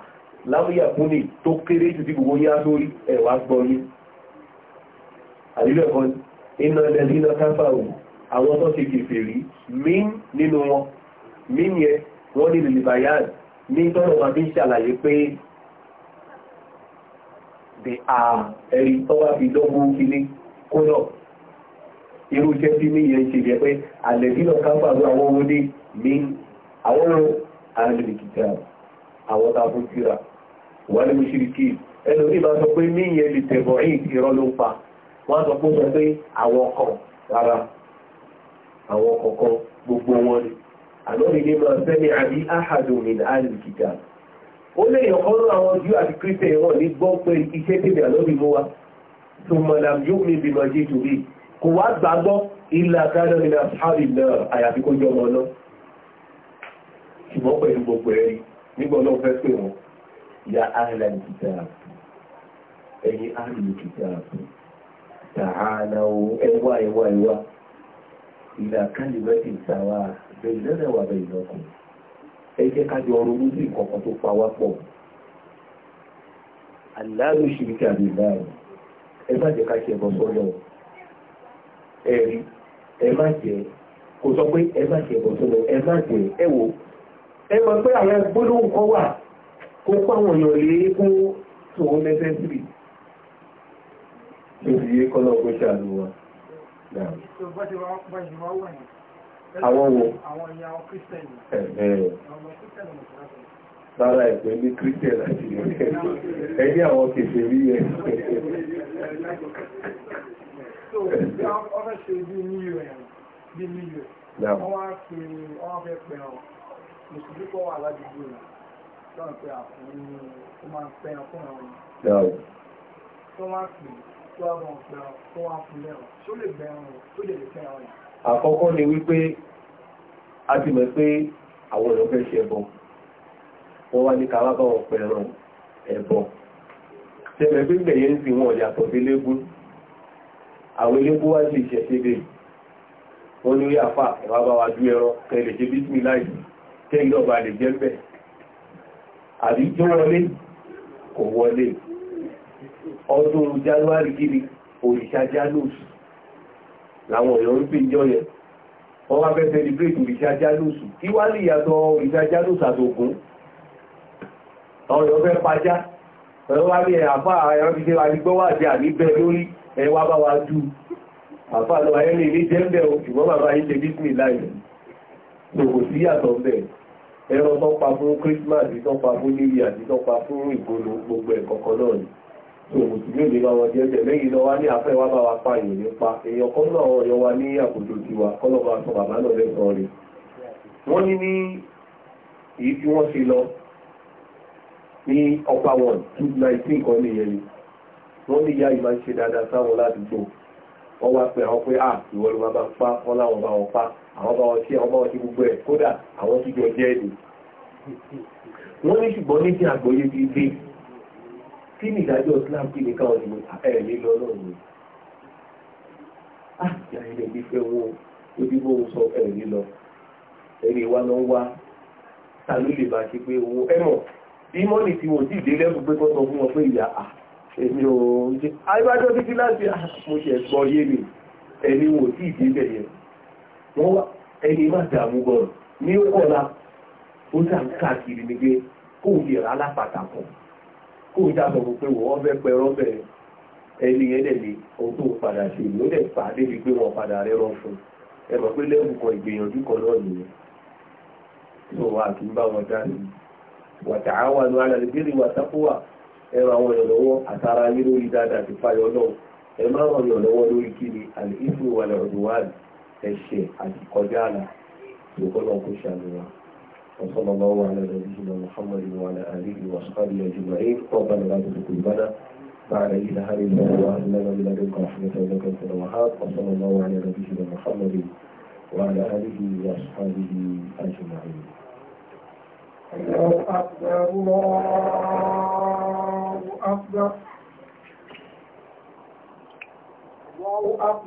lámúyà fún ni tó kéré jù tí gbogbo yá lórí ẹ̀wà gbọ́ yín àdílẹ̀ kan iná ilẹ̀ iná káfàrù àwọn tó ṣe kèfèrí mín nínú wọn mín yẹn kó náà irú iṣẹ́ tí ní yẹn ṣe jẹ́ pé àlẹ́bílọ̀ káfàrú àwọn ọmọdé ní àwọn alìkìtà àwọn tàbùn síra wà ní mùsùlùkì ẹnu ní bá sọ pé ní yẹn lè tẹ̀bọ̀ rí ìrọ́ ló pa wọ́n sọ pé sọ pé àwọn kan rárá àwọn kọ̀ọ̀kan gbogbo wọn ni àlọ́rí ní máa sẹ́ni àbí áhàdùn ní alìkìtà ó lè yàn kọ́ àwọn Júù àti kírísẹ̀ wọn ní gbọ́ pé iṣẹ́ tèmi àlọ́rí mú wa tó mọ̀lá yóò mi bímọ jẹ́ torí kò wá gbàgbọ́ ilẹ̀ àkáyọ̀ ilẹ̀ àṣàrí náà àyàfi kó jọ ọmọ náà ṣùgbọ́n pẹ̀lú gbogbo ẹ̀rí nígbà náà fẹ́ pè wọ́n ya ahla alkitab ẹ̀yin ahla alkitab ta'alaw ẹwà ẹwà ẹwà ila kalimatin sawa ṣe ẹbọ ẹ̀rí ẹ má jẹ kò sọ pé ẹ má jẹ bọ̀ sọ́nà ẹ má jẹ ẹ wò ẹ mọ̀ pé àwọn gbólóhùn kan wà kó kó àwọn èèyàn lè kó tòun lẹ́sẹ̀ síbi tó fi yé kọ́lọ́ kó ṣàánú wa. Àwọn wo? Àwọn ìyá àwọn kírísítẹ̀nì. Ẹ̀ẹ́. Àwọn kírísítẹ̀nì mọ̀ lára ẹ̀pẹ́ ní kírísítẹ̀ láti ẹ̀ẹ́dí àwọn kèfèrí ẹ̀ so ọfẹ́ ṣe bí new year bí new year wọ́n wá pè wọ́n fẹ́ pẹ̀ ọ́ mùsùlùmí kọ́ wà ládùúgbò rẹ̀ lọ́nà pé àfún ó máa ń pẹ́ ọ fún ọ̀run tó wá pè tó wá bọ̀ pẹ̀ ọ tó wá fún lẹ́rọ tó lè a ti mọ̀ pé àwọn èèyàn fẹ́ ṣe ẹbọ wọ́n wá ní ká wá bá wọn pẹ̀rọ ẹbọ ń fi wọn yàtọ̀ sí légún àwọn eléko wá sí ìṣẹ̀ṣẹ́bẹ̀ wọ́n ní orí àfà ẹ̀wà bá wa ju ẹran kẹlẹ̀ ṣe bísí láì kẹ́yìn ọba lè jẹ́ bẹ̀ àbí tó wọlé kò wọlé ọdún january kiri òrìṣà janus làwọn èèyàn ń pè jọ yẹn wọ́n wá fẹ́ celebrate òrìṣà janus kí wá lè yàtọ̀ òrìṣà janus àtògùn ọ̀yọ́ fẹ́ pajá ẹ̀rọ wá ní ẹ̀yà fáà ẹ̀rọ fi ṣe àdígbọ́wà àti àníbẹ̀ lórí ẹ wá bá wa dú àfáàlọ́ ayẹ́lẹ̀ ilé jẹ́mbẹ̀ ìwọ́n bàbá yìí ṣe bísmì láìlẹ̀ so sí yàtọ̀ bẹ̀ ẹran tó fún Christmas tó pa fún new year tó pa fún ìgbónú gbogbo ẹ̀kọ̀kan náà ni so kò sí yóò lè bá wọn jẹ́ bẹ̀ lẹ́yìn lọ́wọ́ ní afẹ́ wá bá wa pa èèyàn nípa èèyàn kan náà ọ̀yọ́ wa ní àkójọ wọ́n ní ìyá yìí máa ń ṣe dáadáa sáwọn ládùúgbò wọ́n wá pé àwọn pé ah ìwọ ló máa bá pa wọ́n láwọn bá wọn pa àwọn bá wọn ṣe àwọn bá wọn ṣe gbogbo ẹ̀ kódà àwọn ti jọ jẹ́ ẹ̀dù. wọ́n ní ṣùgbọ́n níbi àgbọ́yé ti dé kí ni ìdájọ́ Islam kí ni káwọn ìlú ẹ̀ẹ́lẹ́ lọ́lọ́run ni. ah ìyá ilẹ̀ bí fẹ́ wo ojú bó ń sọ ẹ̀ẹ́lẹ́ lọ ẹ̀rí wa lọ wá ta ló lè máa ṣe pé owó ẹ̀mọ̀ bí mọ́nì tí wọ́n ti dé lẹ́rù pé kọ́ sọ fún wọn pé ìyá ah èmi ò jẹ́ àìbájọ́ títí láti ah, mo ṣe ẹ̀gbọ́ yé mi ẹni wò tí ìdí bẹ̀rẹ̀ wọ́n wá ẹni má dààmú gbọ́rọ̀ ní ó ó dà ń káàkiri ni pé kó lè rà kan kó ń sọ pé wọ́n fẹ́ pẹ́ rọ́bẹ̀ ẹni ohun tó padà ìlú débi pé wọ́n padà fún ẹ mọ̀ pé lẹ́bùn kan ìgbìyànjú kan náà nìyẹn tó wà kí bá wọn dá ẹ̀rọ àwọn èèyàn lọ́wọ́ àtàrà yín lórí dáadáa ti fàyọ náà ẹ má ràn yàn lọ́wọ́ lórí kíni àlè ìfún ìwàlẹ̀ ọ̀dùn wà ẹ̀ṣẹ̀ àti kọjá àlà ìkọlọ̀ kò ṣàlùwà. وصلى الله على نبينا محمد وعلى آله وأصحابه أجمعين ربنا لا تزغ قلوبنا بعد إذ هديتنا وهب لنا من لدنك رحمة إنك أنت الوهاب وصلى الله على نبينا محمد وعلى آله وأصحابه أجمعين. الله أكبر الله أكبر الله أكبر